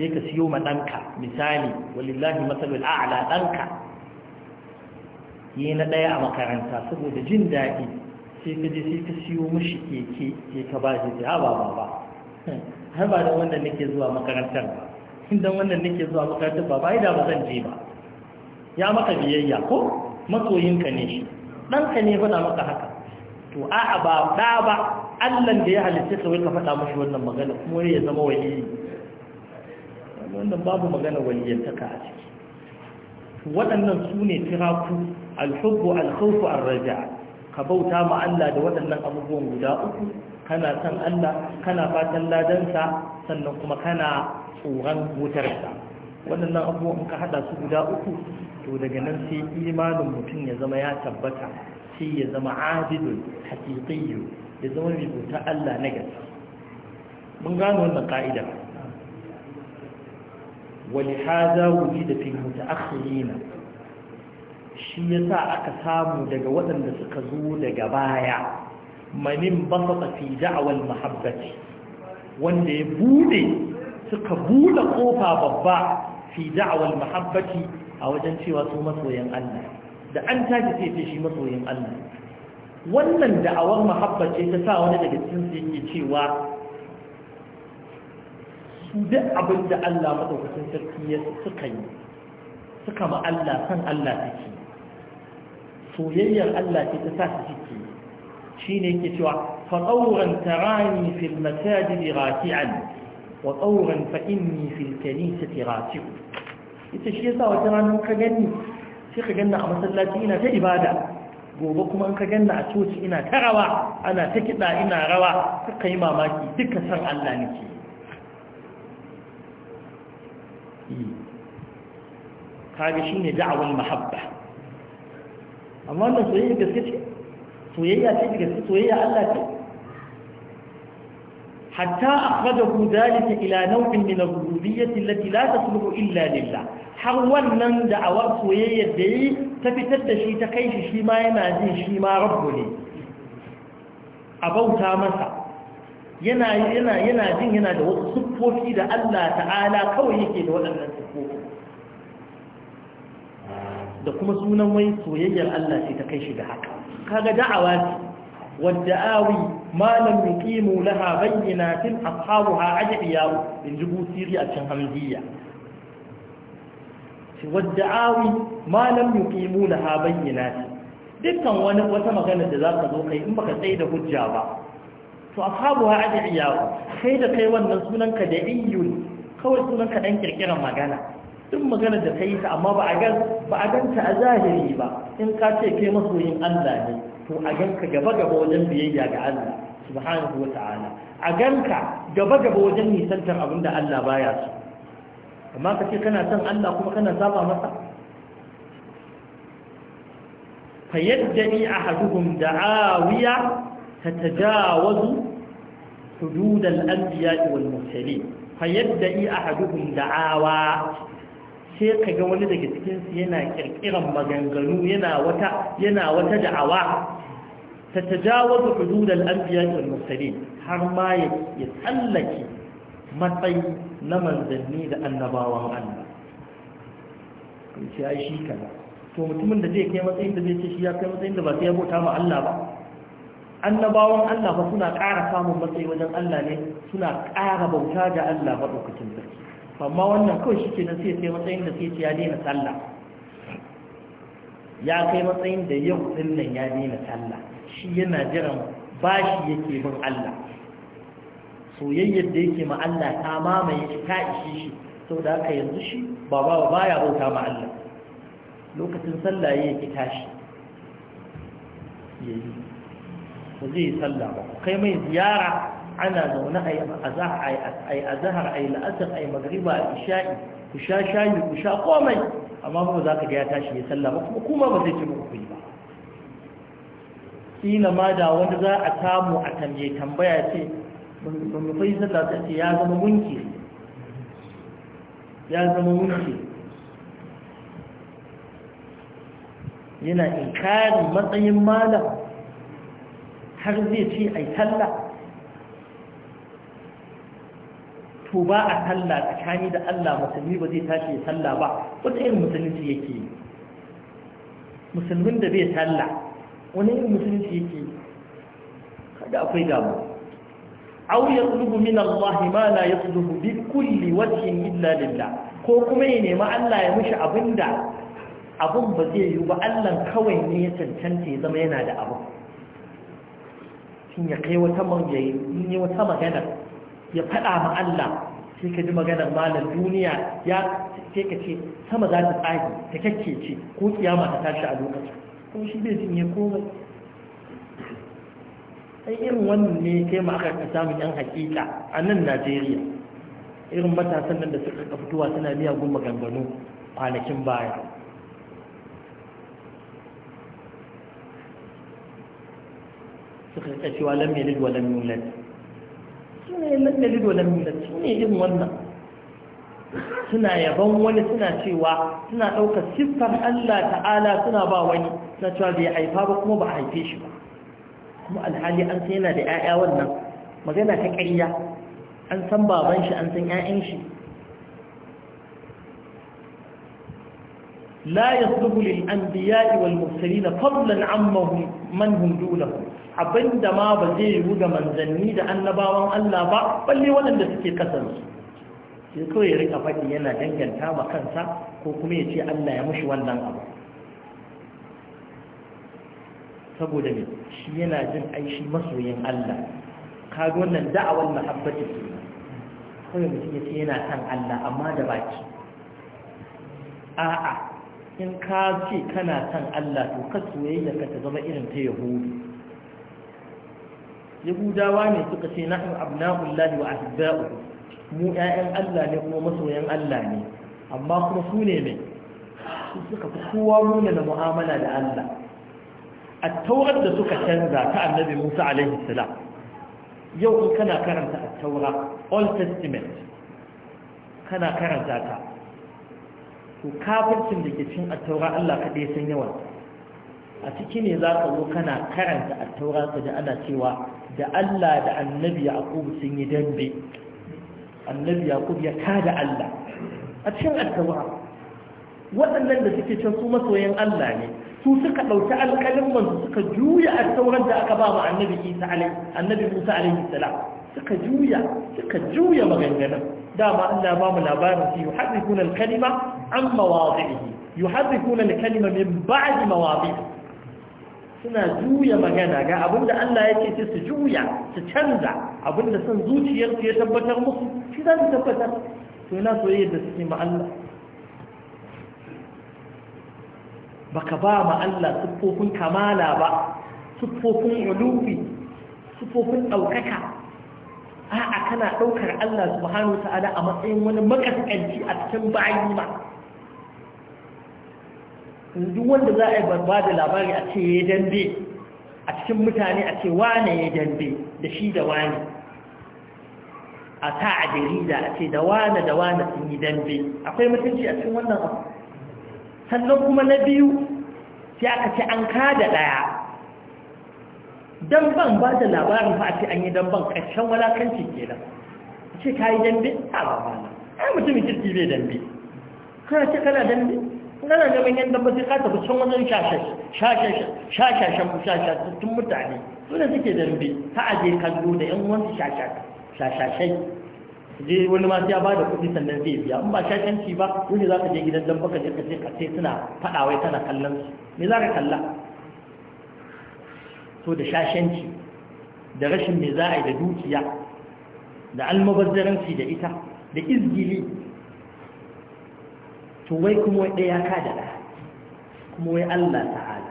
Speaker 1: sai ka siyo ma ɗanka misali walillahi matsalul a'la ɗanka yi na ɗaya a makaranta saboda jin daɗi sai ka je sai ka siyo mashi keke sai ka ba shi ta ba ba ba *laughs* har ba da wanda nake zuwa makarantar ba dan wannan nake zuwa makarantar ba bai da ba zan je ba ya maka biyayya ko masoyinka ne ɗanka ne faɗa maka haka to a'a ba ɗa ba allan da ya halitta ka wai ka faɗa mashi wannan magana kuma ya zama waliyi wannan babu magana waliyantaka a ciki waɗannan su ne tiraku alhubbu alkhawfu arraja ka bauta ma Allah da waɗannan abubuwan guda uku kana son Allah kana fatan ladansa sannan kuma kana tsoron wutarsa waɗannan abubuwan ka haɗa su guda uku to daga nan sai imanin mutum ya zama ya tabbata sai ya zama abidun haƙiƙiyu ya zama mai bauta Allah na gaske mun gano wannan ka'ida wani haza wuji da fin mutaakhirina shi yasa aka samu daga waɗanda suka zo daga baya manin basata fi da'awal mahabbati wanda ya bude suka bude kofa babba fi da'awal mahabbati a wajen cewa su masoyan Allah da an tashi sai shi masoyan Allah wannan da'awar mahabbace ta sa wani daga cikin su yake cewa su duk abin da Allah madaukakin sarki ya suka yi suka ma Allah san Allah take soyayyar Allah ce ta sa su ciki shine yake cewa fa tarani fil masajid raki'an wa tsawran fa inni fil kanisati raki'u ita shi yasa wata ranar ka gani sai ka ganna a masallaci ina ta ibada gobe kuma in ka ganna a coci ina ta rawa ana ta kiɗa ina rawa ka yi mamaki duka san Allah nake kaga shine da'awul mahabba amma wannan soyayya gaske ce soyayya ce daga cikin soyayya Allah ce hatta akhrajahu dalika ila naw'in min ar-rububiyyah allati la tasluhu illa lillah har wannan da'awar soyayya da yi ta fitar da shi ta kai shi shi ma yana jin shi ma rabbu ne a bauta masa yana yana yana jin yana da wasu siffofi da Allah ta'ala kawai yake da waɗannan siffofi da kuma sunan wai soyayyar Allah ce ta kai shi da haka kaga da'awa ce wadda'awi ma lam yuqimu laha bayyinatin ashabuha ajriya in ji busiri a cikin hamziya wadda'awi ma lam yuqimu laha bayyinatin dukkan wani wata magana da zaka zo kai in baka tsaye da hujja ba to ashabuha ajriya kai da kai wannan sunanka da iyyun kawai sunanka dan kirkiran magana duk magana da ta yi ta amma ba a ganta a zahiri ba in ka ce kai masoyin Allah ne to a ganka gaba-gaba wajen biyayya ga Allah subhanahu wa ta'ala a ganka gaba-gaba wajen nisantar abin da Allah baya su. amma ka ce kana son Allah kuma kana saba masa fa yadda yaddani ahaduhum da'awiya tatajawazu hudud al-anbiya wal mursalin fa yadda yaddani ahaduhum da'awa sai ka ga wani daga cikinsu yana kirkiran maganganu yana wata yana wata da'awa ta tajawaza hududal anbiya wal mursalin har ma ya tsallake matsayi na manzanni da annabawan Allah kun ce ai shi kaza to mutumin da zai kai matsayin da zai ce shi ya kai matsayin da ba sai ya bauta ma Allah ba annabawan Allah ba suna ƙara samun matsayi wajen Allah ne suna ƙara bauta ga Allah maɗaukacin sarki amma wannan kawai shi ke na sai sai matsayin da sai ya daina sallah ya kai matsayin da yau din nan ya daina sallah shi yana jiran bashi yake bin Allah soyayyar da yake ma Allah ta mamaye shi ta ishe shi da haka yanzu shi ba ba baya bauta ma Allah lokacin sallah yake tashi yayi zai sallah ba kai mai ziyara ana zaune a yi azahar a yi la'asar a yi magriba a isha'i ku sha shayi ku sha komai amma ba za ka ga ya tashi ya sallama kuma kuma ba zai ce muku ku yi ba kila ma da wanda za a samu a tambaye tambaya ce ban mu fai sallah ta ce ya zama munki ya zama munki yana inkarin matsayin malam har zai ce ai sallah to ba a sallah tsakani da Allah musulmi ba zai tashi ya talla ba wata irin musulunci yake musulmin da bai talla, wani irin musulunci yake kada akwai gamu aw yatlubu min Allah ma la yatlubu bi kulli wajhin illa lillah ko kuma ya nemi Allah ya mishi abinda abun ba zai yi ba Allah kawai ne ya cancanta ya zama yana da abu shin ya kai wata magana ya faɗa ma Allah sai ka ji maganar malar duniya ya sai ka ce sama za ta tsage ta kyakke ce ko kiyama ta tashi a lokacin ko shi bai jin ya komai sai irin wannan ne kai ma aka samu yan hakika a nan Najeriya irin matasan nan da suka ka fitowa suna miyagun maganganu kwanakin baya suka ka cewa lam yalid wa lam yulad ne lalle lido na su ne irin wannan suna yaban wani suna cewa suna ɗaukar siffar Allah ta'ala suna ba wani suna cewa ya haifa ba kuma ba haife shi ba kuma alhali an san yana da 'ya'ya wannan magana ta ƙarya an san baban shi an san 'ya'yan shi لا يصدق للأنبياء والمرسلين فضلا عمهم من هم دونهم abinda ma ba zai yiwu ga manzanni da annabawan Allah ba balle waɗanda suke su, sai kawai ya rika faɗi yana danganta ma kansa ko kuma ya ce Allah ya mushi wannan abu saboda ne shi yana jin aishi masoyin Allah kaga wannan da'awar mahabbati ce kawai mutum ya ce yana san Allah amma da baki a'a in ka ce kana san Allah to ka soyayya ka ta zama irin ta yahudu yahudawa ne suka ce nahnu abna'ullahi wa ahibba'uhu mu ƴaƴan Allah ne kuma masoyan Allah ne amma kuma su ne ne su suka fi kowa nuna da mu'amala da Allah a taurar da suka canza ta annabi Musa alaihi salam yau in kana karanta a taura old testament kana karanta ta to kafircin da ke cin a taura Allah kaɗai san yawan a ciki ne za ka zo kana karanta a taura ka ji ana cewa da Allah da annabi Yaqub sun yi dambe annabi Yaqub ya kada Allah a cikin addu'a waɗannan da suke can su masoyan Allah ne su suka ɗauki alƙalimman su suka juya a sauran da aka ba mu annabi Isa alaihi annabi Musa alaihi salam suka juya suka juya maganganun dama Allah ba mu labarin su yuharrifuna al-kalima an mawadihi yuharrifuna al-kalima min ba'di mawadihi suna juya magana ga abinda Allah ya ce su juya su canza abinda son zuciyarsu ya tabbatar musu shi za su tabbatar to yana soyayya da suke ma Allah baka ba ma Allah siffofin kamala ba siffofin ulufi siffofin ɗaukaka a'a kana ɗaukar Allah subhanahu ta'ala a matsayin wani makaskanci a cikin bayi ba duk wanda za a yi ba da labari a ce ya dambe a cikin mutane a ce wane ya dambe da shi da wane a ta a jarida a ce da wane da wane sun yi dambe akwai mutunci a cikin wannan abu sannan kuma na biyu sai aka ce an kada ɗaya damban ba da labarin fa a ce an yi damban ƙarshen walakanci kenan ce ka yi dambe a babana ai mutumin kirki bai dambe kana ce kana dambe kana neman yan dabbaci ka kata can wajen shashashattun mutane su suke dambe ta aje kallo da yan je wani masu ya ba da kuɗi sannan zai biya in ba shashanci ba wani za ka je gidan dabba ka je ka ce suna tana kallon su me za ka kalla to da shashanci da rashin me za a yi da dukiya da almubazzaranci da ita da izgili to wai kuma wai ɗaya ka da ɗaya kuma wai Allah ta'ala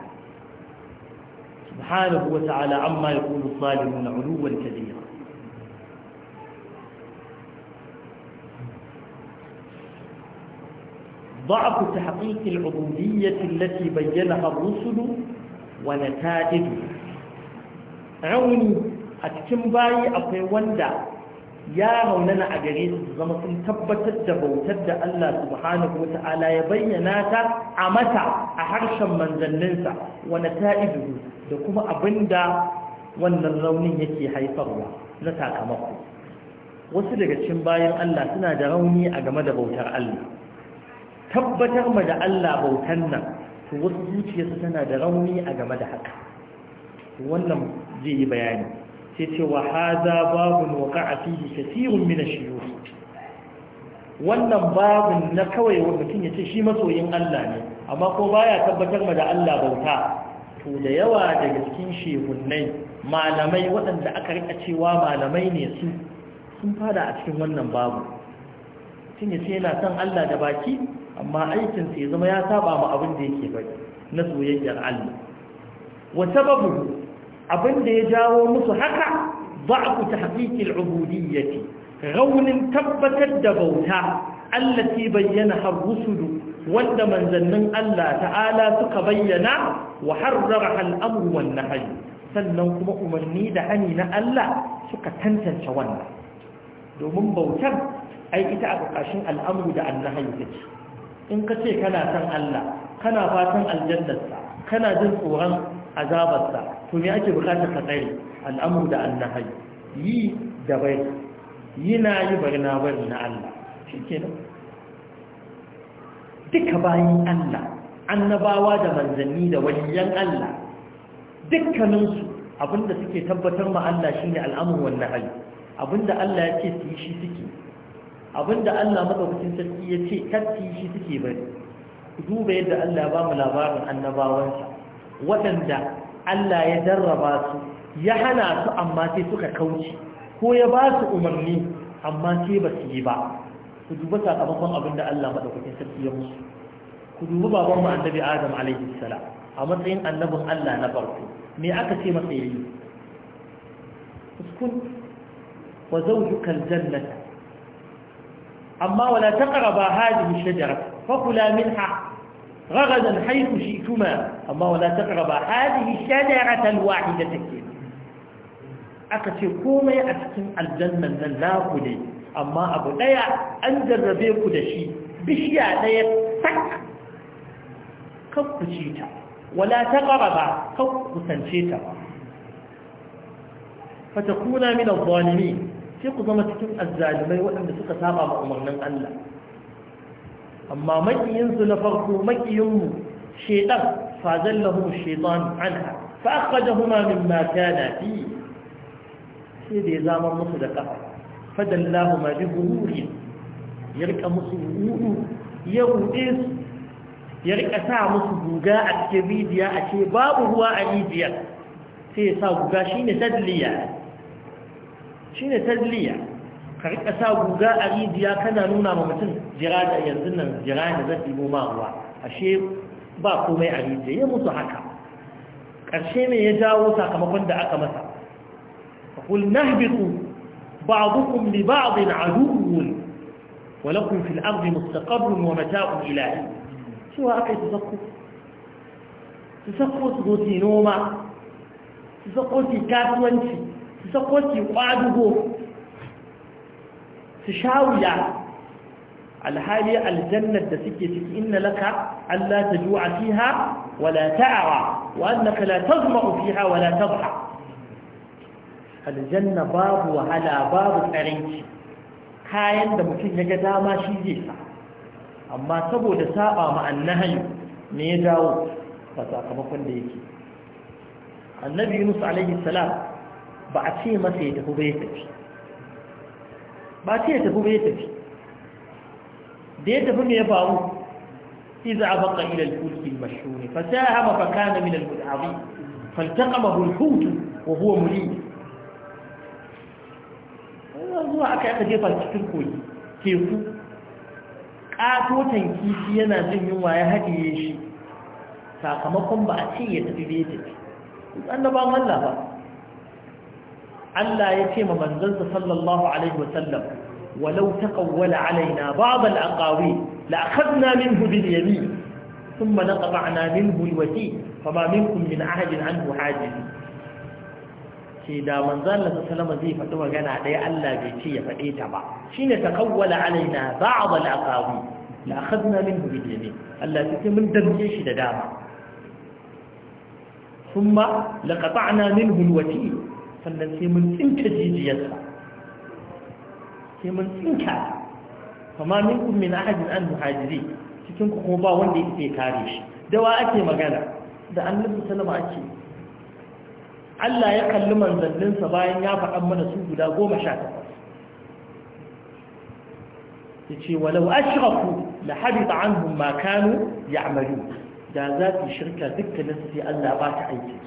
Speaker 1: subhanahu wa ta'ala amma ya kulu salimun uluwan kabira ضعف تحقيق العبودية التي بينها الرسل ونتائجها rauni a cikin bayi akwai wanda ya raunana a gare su zama sun tabbatar da bautar da Allah subhanahu wa ta'ala ya bayyana ta a mata a harshen manzanninsa wani ta'idu da kuma abinda wannan raunin yake haifarwa na sakamako wasu daga cikin bayan Allah suna da rauni a game da bautar Allah tabbatar ma da Allah bautan nan to wasu zuciyarsu tana da rauni a game da haka wannan zai yi bayani sai ce wa haza babun wa ka'afihi kathirun min ash-shuyukh wannan babun na kawai mutum ya ce shi masoyin Allah ne amma ko baya tabbatar ma da Allah bauta to da yawa daga cikin shehunnai malamai waɗanda aka rika cewa malamai ne su sun fada a cikin wannan babu mutum ya ce yana son Allah da baki amma aikinsa ya zama ya saba ma abin da yake bai na soyayyar Allah wa sababu Abin da ya jawo musu haka ba ku ta haƙiƙi al’ubudiyyati raunin tabbatar da bauta Allah ke bayyana har wanda manzannin Allah ta'ala suka bayyana wa harzara al’amuru wannan hanyu sannan kuma umarni da hanyi na Allah suka tantance wannan domin bautar ai ita a ƙarƙashin al’amuru da annan hanyu ta in ka ce kana san Allah kana fatan aljannarsa kana jin tsoron azabarsa to me ake bukatar ka tsare al'amur da annahai yi da bai yi na yi bari na bari na Allah shi kenan duka bayin Allah annabawa da manzanni da waliyan Allah dukkaninsu abinda suke tabbatar ma Allah shi ne al'amur wannan hali abinda Allah ya ce su yi shi suke abinda Allah madaukakin sarki ya ce kar su yi shi suke bari duba yadda Allah ya ba mu labarin annabawansa waɗanda Allah ya jarraba su ya hana su amma sai suka kauce ko ya ba su umarni amma sai ba su yi ba ku duba sakamakon abin da Allah madaukakin sarki ya musu ku duba baban mu annabi Adam alaihi salam a matsayin annabin Allah na farko me aka ce masa yayi uskun wa zawjuka aljannata amma wala taqrabu hadhihi shajara fa kula minha رغدا حيث شئتما أما ولا تقربا هذه الشجرة الواحدة كيف أكثر كومي أتكن الجنة لله كلي أما أبو ليا أنزل ربيك لشي بشيا ليا تك كفشيتا ولا تقربا كفشيتا فتكون من الظالمين في قضمة الظالمين وأن سكتابا مؤمرنا الله amma makiyinsu na farko makiyinmu shaitan fazallahu shaitan anha fa akhrajahuma mata kana fi sai da ya zama musu da kafa fadallahu ma bi ghururin ya rika musu hudu ya rude su ya rika sa musu guga a cikin rijiya a ce babu ruwa a rijiyar sai ya sa guga shine tadliya tadliya ka rika sa guga a rijiya kana nuna ma mutum jira da yanzu nan jira da zan ɗibo ma ruwa ashe ba komai a rijiya ya musu haka ƙarshe ne ya jawo sakamakon da aka masa kul nahbitu ba'dukum li ba'din aduwwun wa lakum fil ardi mustaqarrun wa mata'un ila hin shi wa aka tsakko tsakko su zo noma tsakko ki kasuwanci tsakko ki kwadugo su sha wuya alhali aljannar da suke ciki inna laka Allah ta ju'a fiha wala ta'awa, wa annaka la tazma'u fiha wala tadha aljanna babu wahala babu tsarinci kayan da mutum ya ga dama shi zai sa amma saboda saba ma annahi ne ya dawo ba sakamakon da yake annabi Yunus alaihi salam ba a ce masa ya tafi ya tafi ba ce ya tafi ba ya tafi da ya tafi ne ya faru iza a baka ilal kulkin mashuri fa sai a hama fa kana min al-mud'abi فالتقمه الحوت وهو مليء zuwa aka aka jefa cikin ke ku. ƙatotan kifi yana jin yunwa ya haɗiye shi sakamakon ba a ce ya tafi ba ya tafi annabawan Allah ba Allah ya ce ma manzansa sallallahu alaihi wasallam walau taqawwala alaina ba'd al-aqawi la akhadna minhu bil yamin thumma laqata'na minhu al-wati fama minkum min ahadin anhu hajiz ce da manzan Allah sallallahu alaihi zai faɗi magana ɗaya Allah bai ce ya faɗe ta ba shine taqawwala alaina ba'd al-aqawi la akhadna minhu bil yamin Allah ya ce mun damke shi da dama thumma laqata'na minhu al-wati sannan sai mun tsinka jijiyarsa sai mun tsinka amma min kun min an muhajiri cikin kuma ba wanda ke kare shi da wa ake magana da annabi sallama ake Allah ya kalli manzanninsa bayan ya faɗan mana su guda goma sha takwas ya ce walau ashraku da habita anhum ma ya ya'malu da za su shirka dukkanin sai Allah ba ta aiki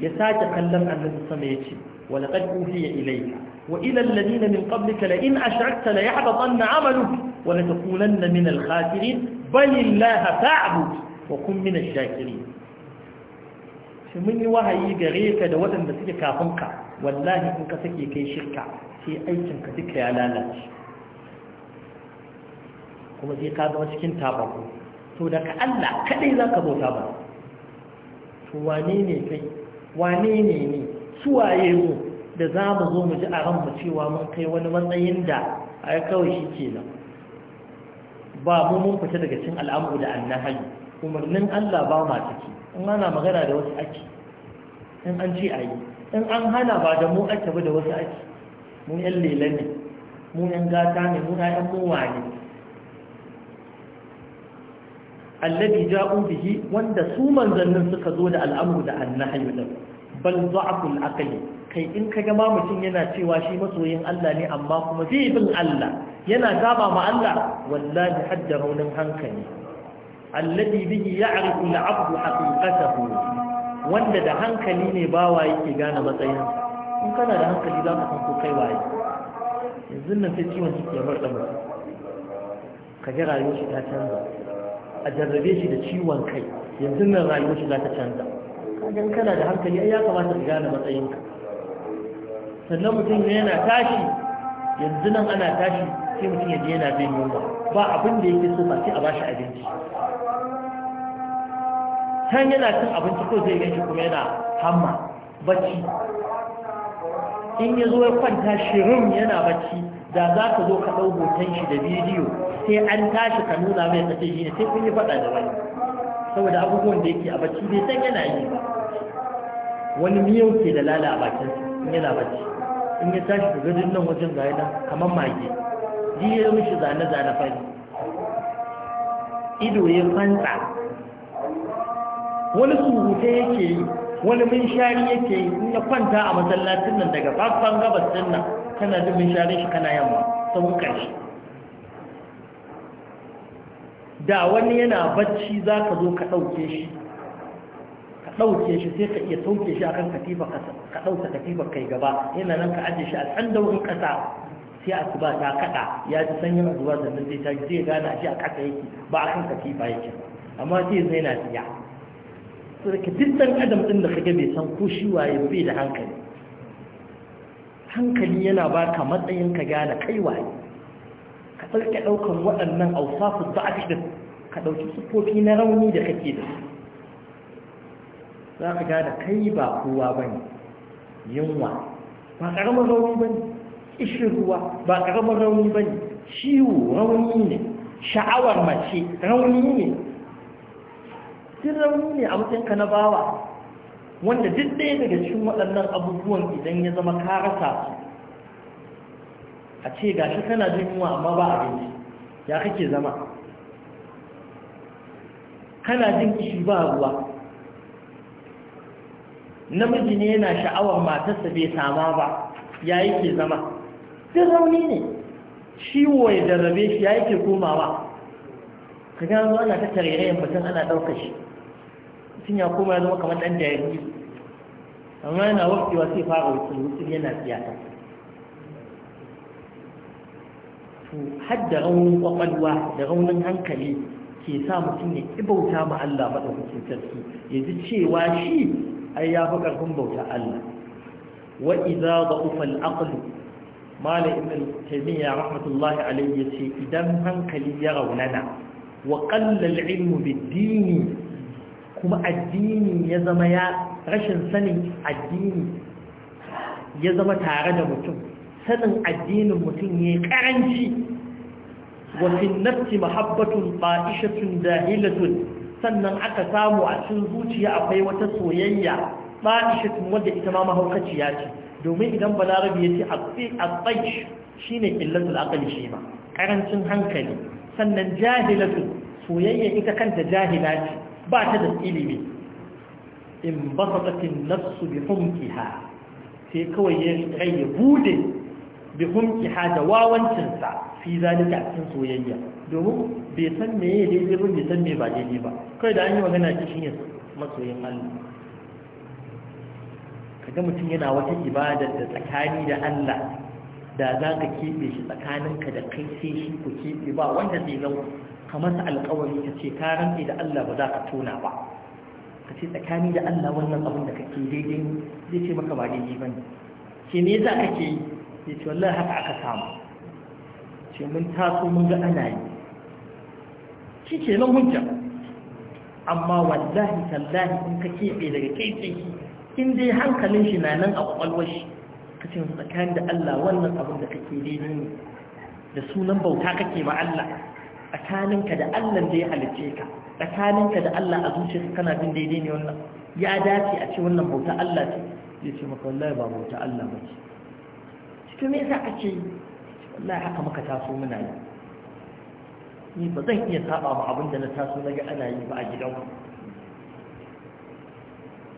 Speaker 1: ya sake kallon annabi sama ya ce wa ya uhiya ilayka wa ila alladhina min qablika la in ashrakta la yahbatanna 'amaluk wa la takunanna min al-khasirin bal illaha fa'bud wa kun min ash-shakirin shi mun yi wahayi gare ka da waɗanda suke kafin ka wallahi in ka sake kai shirka sai aikin ka duka ya lalace kuma sai ka zama cikin tabako to daga Allah kadai zaka bauta ba to wane ne kai wane ne ne suwaye mu da za mu zo mu ji a ranmu cewa mun kai wani matsayin da a kawai shi ke nan ba mu mun fita daga cin al'amu da annahayi umarnin Allah ba ma ciki in ana magana da wasu ake in an ce a yi in an hana ba da mu ake ba da wasu ake mu yan lela ne mu yan gata ne mu yan muwa ne allabi ja'u bihi wanda su manzannin suka zo da al'amu da annahayi din bal za'aful aqli kai in kaga ga mutum yana cewa shi masoyin Allah ne amma kuma zai bin Allah yana gaba ma Allah wallahi hadda raunin hankali alladhi bihi ya'rifu al-'abdu haqiqatahu wanda da hankali ne bawa yake gane matsayin in kana da hankali za ka san ko kai waye yanzu nan sai ciwon ciki ya barɗa mutum ka ga rayuwar shi ta canza a jarrabe shi da ciwon kai yanzu nan rayuwar shi za ta canza kagan kana da hankali ai ya kamata ka gane matsayinka
Speaker 2: sannan mutum yana tashi yanzu nan ana
Speaker 1: tashi sai mutum ya je yana bin yunwa ba abin da yake so ba sai a bashi abinci can yana cin abinci ko zai ganshi kuma yana hamma bacci
Speaker 2: in ya zo ya kwanta shirin yana
Speaker 1: bacci da za ka zo ka ɗau hoton shi da bidiyo sai an tashi ka nuna mai tsaye shi ne sai kun yi faɗa da wani saboda abubuwan da yake a bacci bai san yana yi ba wani miyau ke da lala a bakinsa in yi labarci, in ya tashi daga gadin nan wajen gaya nan kamar mage ji ya mishi zane-zane fari ido ya fanta wani surute yake yi wani minshari yake yi in ya kwanta a masallacin nan daga babban gabas din nan kana min shari shi kana yamma sabon shi. da wani yana bacci za ka zo ka ɗauke shi ka ɗauke shi sai ka iya sauke shi akan katifa ka ɗauka katifa kai gaba yana nan ka ajiye shi a can daurin ƙasa sai a ta kaɗa ya ji sanyin a zuwa sannan sai ta zai gana shi a ƙasa yake ba a kan katifa yake amma sai zai na tsiya so da adam ɗin da ka ga bai san ko shi waye bai da hankali hankali yana baka matsayin ka gane kai waye ka ɗauke ɗaukan waɗannan ausafu ba'afi ɗin ka ɗauki siffofi na rauni da kake da su za ka gane kai ba kowa ba ne yunwa ba ƙaramin rauni ba ne ƙishin ruwa ba ƙaramin rauni ba ne ciwo rauni ne sha'awar mace rauni ne duk rauni ne a ka na bawa wanda duk ɗaya daga cikin waɗannan abubuwan idan ya zama ka rasa su a ce ga shi kana jin yunwa amma ba abinci ya kake zama kana jin kishi ba ruwa namiji ne yana sha'awar matarsa bai sama ba ya yake zama duk rauni ne ciwo ya jarrabe shi ya yake komawa ka zuwa ana ta tarairayin batun ana ɗaukar shi mutum ya koma ya zama kamar ɗan jariri amma yana wafewa sai fara wuce wuce yana siyasa hadda raunin kwakwalwa da raunin hankali ke sa mutum ya ƙi bauta ma Allah maɗaukakin sarki ya ji cewa shi ai ya fi ƙarfin bauta Allah wa idza dha'ufa al-aql malam ibn taymiya rahmatullahi alayhi yace idan hankali ya raunana wa qalla al-ilmu bid-din kuma addini ya zama ya rashin sanin addini ya zama tare da mutum sanin addinin mutum ya karanci wafin nafci mahabbatun ba'ishatun dahilatun sannan aka samu a cin zuciya akwai wata soyayya ba'ishatun wadda ita ma mahaukaciya ce domin idan ba larabi ya ce a shi ne illatul akali shi ba karancin hankali sannan jahilatun soyayya ita kanta jahila ce ba ta da ilimi in ba sa tafin nafsu bi hunkiha sai kawai ya rage bude bi kiha da wawancinsa fi zalika cikin soyayya domin bai san me ya daidai ba bai san me ba daidai ba kai da an yi magana ki shine masoyin Allah kaga mutum yana wata ibada da tsakani da Allah da za ka keɓe shi tsakaninka da kai sai shi ku keɓe ba wanda zai zau ka masa alƙawari ka ce ka da Allah ba za ka tona ba ka ce tsakani da Allah wannan abin da kake daidai zai ce maka ba daidai ba ne ce me yasa kake yi ya ce wallahi haka aka samu ce mun taso mun ga ana yi shi ke nan hujja amma wallahi tallahi in ka keɓe daga kai tsaye in dai hankalin shi na nan a ƙwaƙwalwar shi ka ce tsakanin da Allah wannan abin da kake daidai ne da sunan bauta kake ma Allah tsakaninka da Allah da ya halicce ka tsakaninka da Allah a zuciya kana bin daidai ne wannan ya dace a ce wannan bauta Allah ce Ya ce maka wallahi ba bauta Allah ba ce to me yasa a ce wallahi haka muka taso muna yi ni ba zan iya saba ma abinda na taso na ga ana yi ba a gidan ku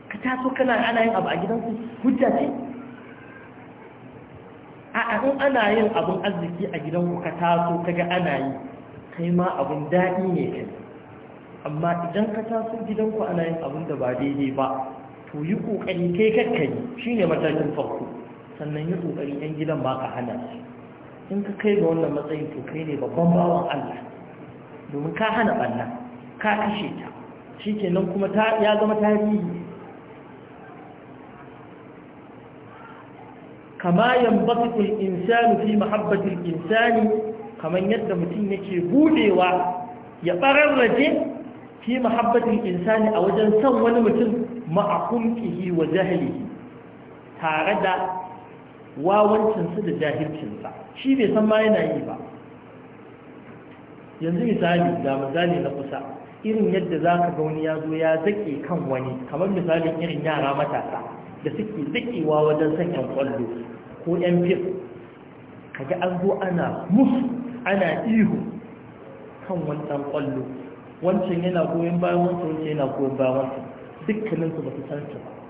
Speaker 1: ka taso kana ana yin abu a gidan ku hujja ce a in ana yin abun arziki a gidan ku ka taso ka ga ana yi kai ma abun daɗi ne kai amma idan ka taso gidan ku ana yin abun da ba daidai ba to yi ƙoƙari kai kakkani shine matakin farko sannan yi ƙoƙari 'yan gidan ba ka hana su in ka kai ga wannan matsayin to kai ne babban bawan Allah domin ka hana ɓanna ka kashe ta shi kenan kuma ya zama tarihi kama yambatul insani fi mahabbatin insani kama yadda mutum yake budewa ya raje fi mahabbatin insani a wajen son wani mutum ma'akunkihi wa jahili tare da wawancinsu da jahilcinsa shi bai san ma yana yi ba yanzu misali ga misali na kusa irin yadda za ka gauni ya zo ya zaƙe kan wani kamar misalin irin yara matasa da suke zaƙewa wajen son yan kwallo ko yan fif kaga an zo ana musu ana ihu kan wancan kwallo wancan yana goyon bayan wancan wancan yana goyon bayan wancan dukkaninsu ba su san su ba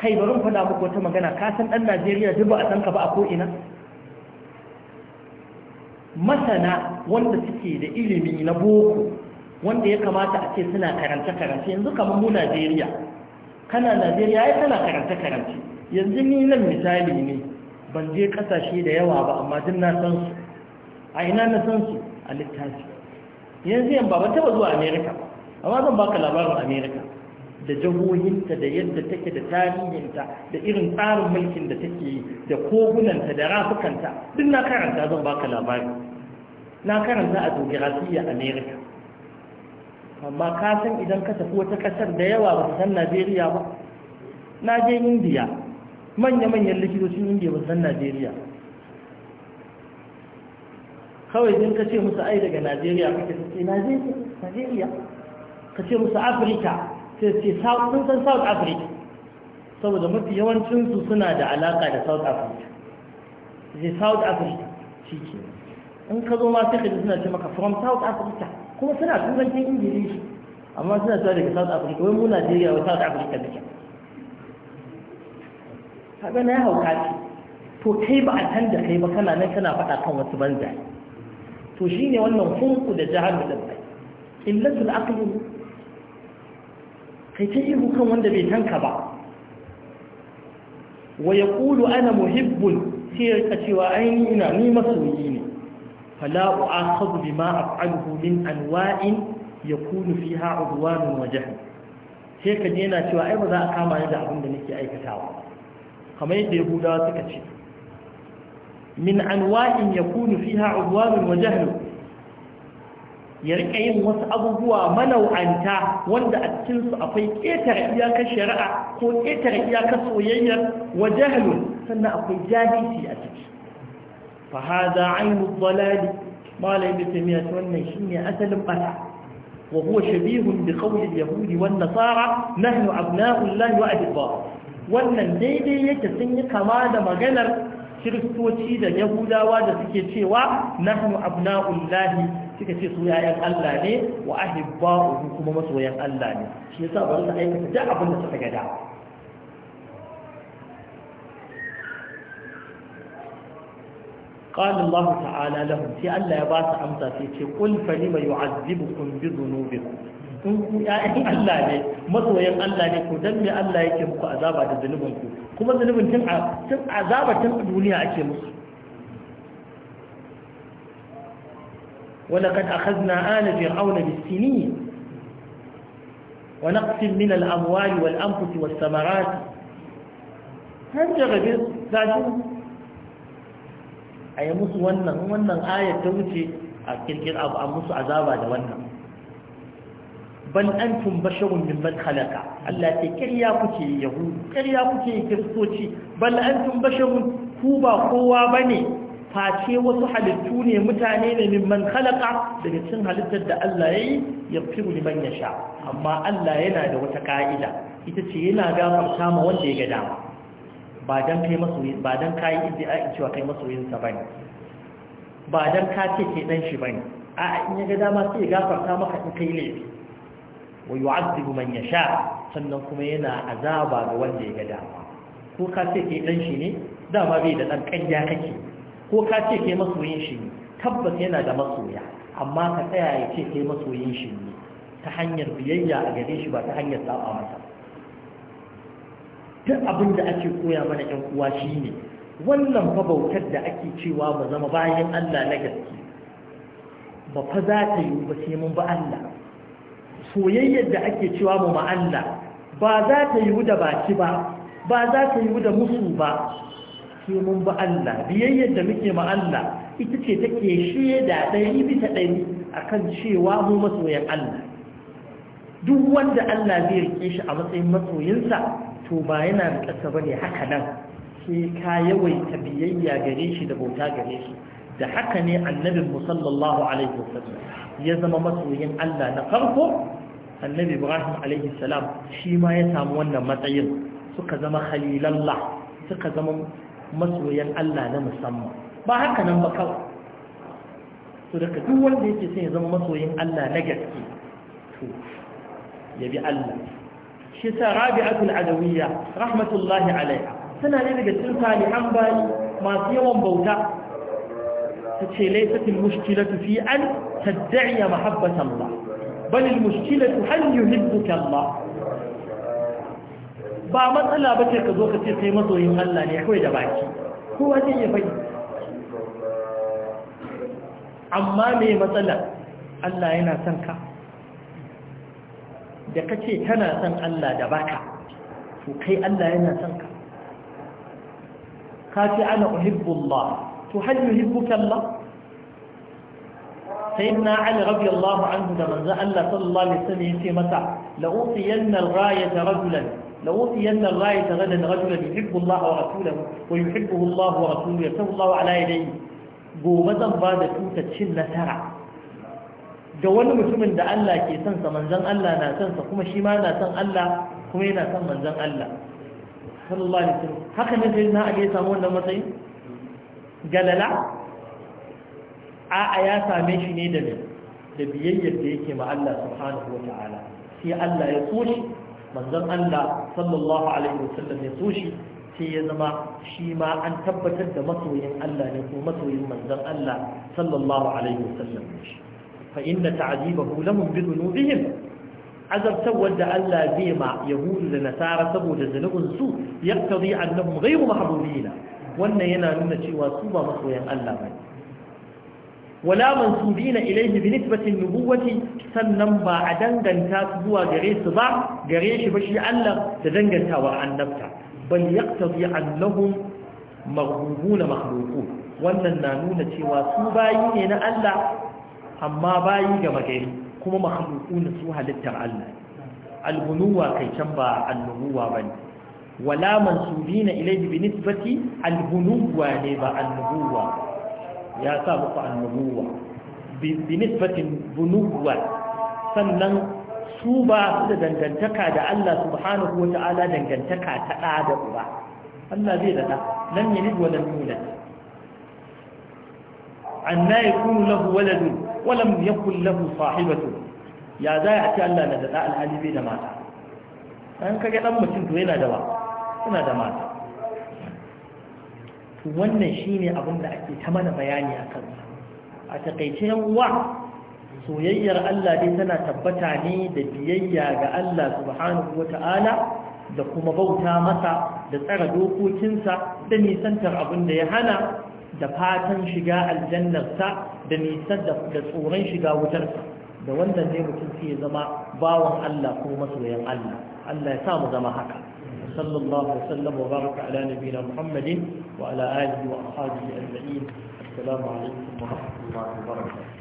Speaker 1: kai bari mu faɗa muku wata magana ka san ɗan Najeriya duk ba a san ka ba a ko ina masana wanda suke da ilimi na boko wanda ya kamata a ce suna karanta karance yanzu kamar mu Najeriya kana Najeriya ya tana karanta karance yanzu ni nan misali ne ban je kasashe da yawa ba amma duk na san su a ina na san su a littafi yanzu yan ba ta taba zuwa America ba amma zan baka labarin America da jahohinta da yadda take da tarihinta da irin tsarin mulkin da take yi da kogunanta da rafukanta duk na karanta zan baka labari na karanta a geografiya america amma ka san idan ka tafi wata kasar da yawa ba san najeriya ba na je indiya manya-manyan likitocin indiya ba san najeriya kawai din ka ce musu ai daga najeriya kake suke najeriya ka ce musu afirka sai sun san south africa saboda mafi yawancinsu suna da alaƙa da south africa sai south africa shi ke in ka zo ma sai ka suna ce maka from south africa kuma suna turancin ingilishi amma suna cewa daga south africa wai mu najeriya wai south africa da ke kaga na ya hauka ce to kai ba a can da kai ba kana nan kana faɗa kan wasu banza to shine wannan hunku da jihar da ɗan bai illatul aqli kai ta ihu kan wanda bai tanka ba wa ya ƙulu ana muhibbul. sai ya rika cewa ainihin ina ni masoyi ne fala u'akhadhu bima af'aluhu min anwa'in yakunu fiha udwanun wa jahl sai ka je yana cewa ai ba za a kama ni da abin da nake aikatawa kamar yadda yahudawa suka ce min anwa'in yakunu fiha udwanun wa jahl ya rika yin wasu abubuwa manau'anta wanda a cikinsu akwai ƙetare iyakar shari'a ko ƙetare iyakar soyayyar waje jahalun sannan akwai jahilci a ciki fa hada ainu dalali malai bi tamiya wannan ne asalin bata wa huwa shabihun bi qawli al-yahudi wan nasara nahnu abna'u llahi wa ahibba wannan daidai yake sun yi kama da maganar kiristoci da yahudawa da suke cewa na nahnu abna'u llahi suka ce su yayan Allah ne wa ahibba'uhu kuma masoyan Allah ne shi yasa bari su aikata da abin da suka ga da قال الله تعالى لهم في الله يباس أمسا في قل فلم يعذبكم بذنوبكم in ku ‘ya'yan Allah ne masoyan Allah ne ko dan me Allah yake muku azaba da zunubinku kuma zunubin tun azaba tun duniya ake musu ولقد أخذنا آل فرعون بالسنين ونقص من الأموال والأنفس والثمرات هل جغبير ذاتهم a yi musu wannan wannan ayar ta wuce a kirkir abu a musu azaba da wannan ban an tumbashirun min ban halaka Allah ce kirya kuke yahu kirya kuke kiristoci ban an tumbashirun ku ba kowa ba ne face wasu halittu ne mutane ne man khalaqa daga cikin halittar da Allah yayi yaghfiru liman yasha amma Allah yana da wata ka'ida ita ce yana gafarta ma wanda ya ga dama ba dan kai masoyi ba dan kai a cewa kai masoyin sa bane ba dan ka ce ke dan shi bane a in ya ga dama sai ya gafarta maka in kai ne. wa yu'adhibu man yasha sannan kuma yana azaba ga wanda ya ga dama ko ka ce ke dan shi ne dama bai da dan kanya kake ko ka ce kai masoyin shi ne tabbas yana da masoya amma ka tsaya ya ce kai masoyin shi ne ta hanyar biyayya a gare shi ba ta hanyar saba masa duk abin da ake koya mana yan uwa shine wannan fa bautar da ake cewa ba zama bayan Allah na gaske ba fa za ta yi ba sai mun ba Allah soyayyar da ake cewa mu ma Allah ba za ta yi da baki ba ba za ta yi da musu ba sai mun ba Allah biyayyar da muke ma Allah ita ce take shaida ɗari bisa ɗari akan cewa mu masoyan Allah duk wanda Allah zai rike shi a matsayin masoyinsa to ba yana da ƙasa ne haka nan sai ka yawaita biyayya gare shi da bauta gare shi da haka ne annabin mu sallallahu alaihi wasallam ya zama masoyin Allah na farko annabi Ibrahim alaihi salam shi ma ya samu wannan matsayin suka zama khalilallah suka zama masoyan Allah na musamman ba haka nan ba kawai to daga duk wanda yake son zama masoyin Allah na gaske to ya bi Allah shi sa rabi'atul adawiyya rahmatullahi alaiha suna ne daga cikin salihan bayi masu yawan bauta ta ce laifatin mushkilatu fi an tadda'iya mahabbatan Allah bal al mushkilatu hal yuhibbuka Allah ba matsala ba ce ka zo ka ce kai masoyin Allah ne kawai da baki kowa zai ya faɗi amma me matsala Allah yana son ka da ka ce kana son Allah da baka to kai Allah yana son ka ka ce ana ba, to hanyar hal yuhibbuka Allah سيدنا Allah رضي الله عنه ده من الله صلى الله عليه وسلم يتي متى لأوطين الراية رجلا لوطين الله غدا رجلا يحب الله ورسوله ويحبه الله ورسوله يرسل الله على يديه gobe zan ba da cin nasara Da wani mutumin da Allah ke son sa manzon Allah na son sa kuma shi ma na son Allah kuma yana son manzon Allah sallallahu alaihi wasallam haka ne sai na ake samu wannan matsayi galala a'a ya same shi ne da da biyayyar da yake ma Allah Allah ya so manzon Allah sallallahu alaihi wasallam ya so shi sai ya zama shi ma an tabbatar da masoyin Allah ne ko masoyin manzon Allah sallallahu alaihi wasallam fa inna ta'jibahu lahum bi dhunubihim azabtar wadda Allah zai ma yahudu da nasara saboda zunubin su yaqtadi annahum ghayru mahbubina wannan yana nuna cewa su ba masoyan Allah bane wala mansubina ilaihi bi nisbati nubuwati sannan ba a danganta su zuwa gare su ba gare shi ba shi Allah da dangantawa annabta bal yaqtabi annahum maghbubuna makhluqun wannan na nuna cewa su bayi ne na Allah amma bayi ga magari kuma makhluqun su halittar Allah albunuwa kai can ba annubuwa bane wala mansubina ilaihi bi nisbati albunuwa ne ba annubuwa ya sa muku annubuwa bi nisbatin bunuwa sannan su ba su da dangantaka da Allah subhanahu wa ta'ala dangantaka ta ɗa da uba Allah zai da ɗa nan yi wa nan nuna an na yi kunu lahu waladu walam ya kullahu sahibatu ya za a ce Allah na da ɗa alhali bai da mata an kage ɗan mutum to yana da wa yana da mata wannan shine abin da ake ta mana bayani a kansa a takaice yan uwa soyayyar Allah dai tana tabbata ne da biyayya ga Allah subhanahu ta'ala da kuma bauta masa da tsara dokokinsa da nisantar abin da ya hana da fatan shiga aljannarsa da nisan da tsoron shiga wutarsa da wannan ne mutum sai zama bawan Allah ko masoyan Allah Allah ya sa mu zama haka وصلى الله وسلم وبارك على نبينا محمد وعلى آله وأصحابه أجمعين السلام عليكم ورحمة الله وبركاته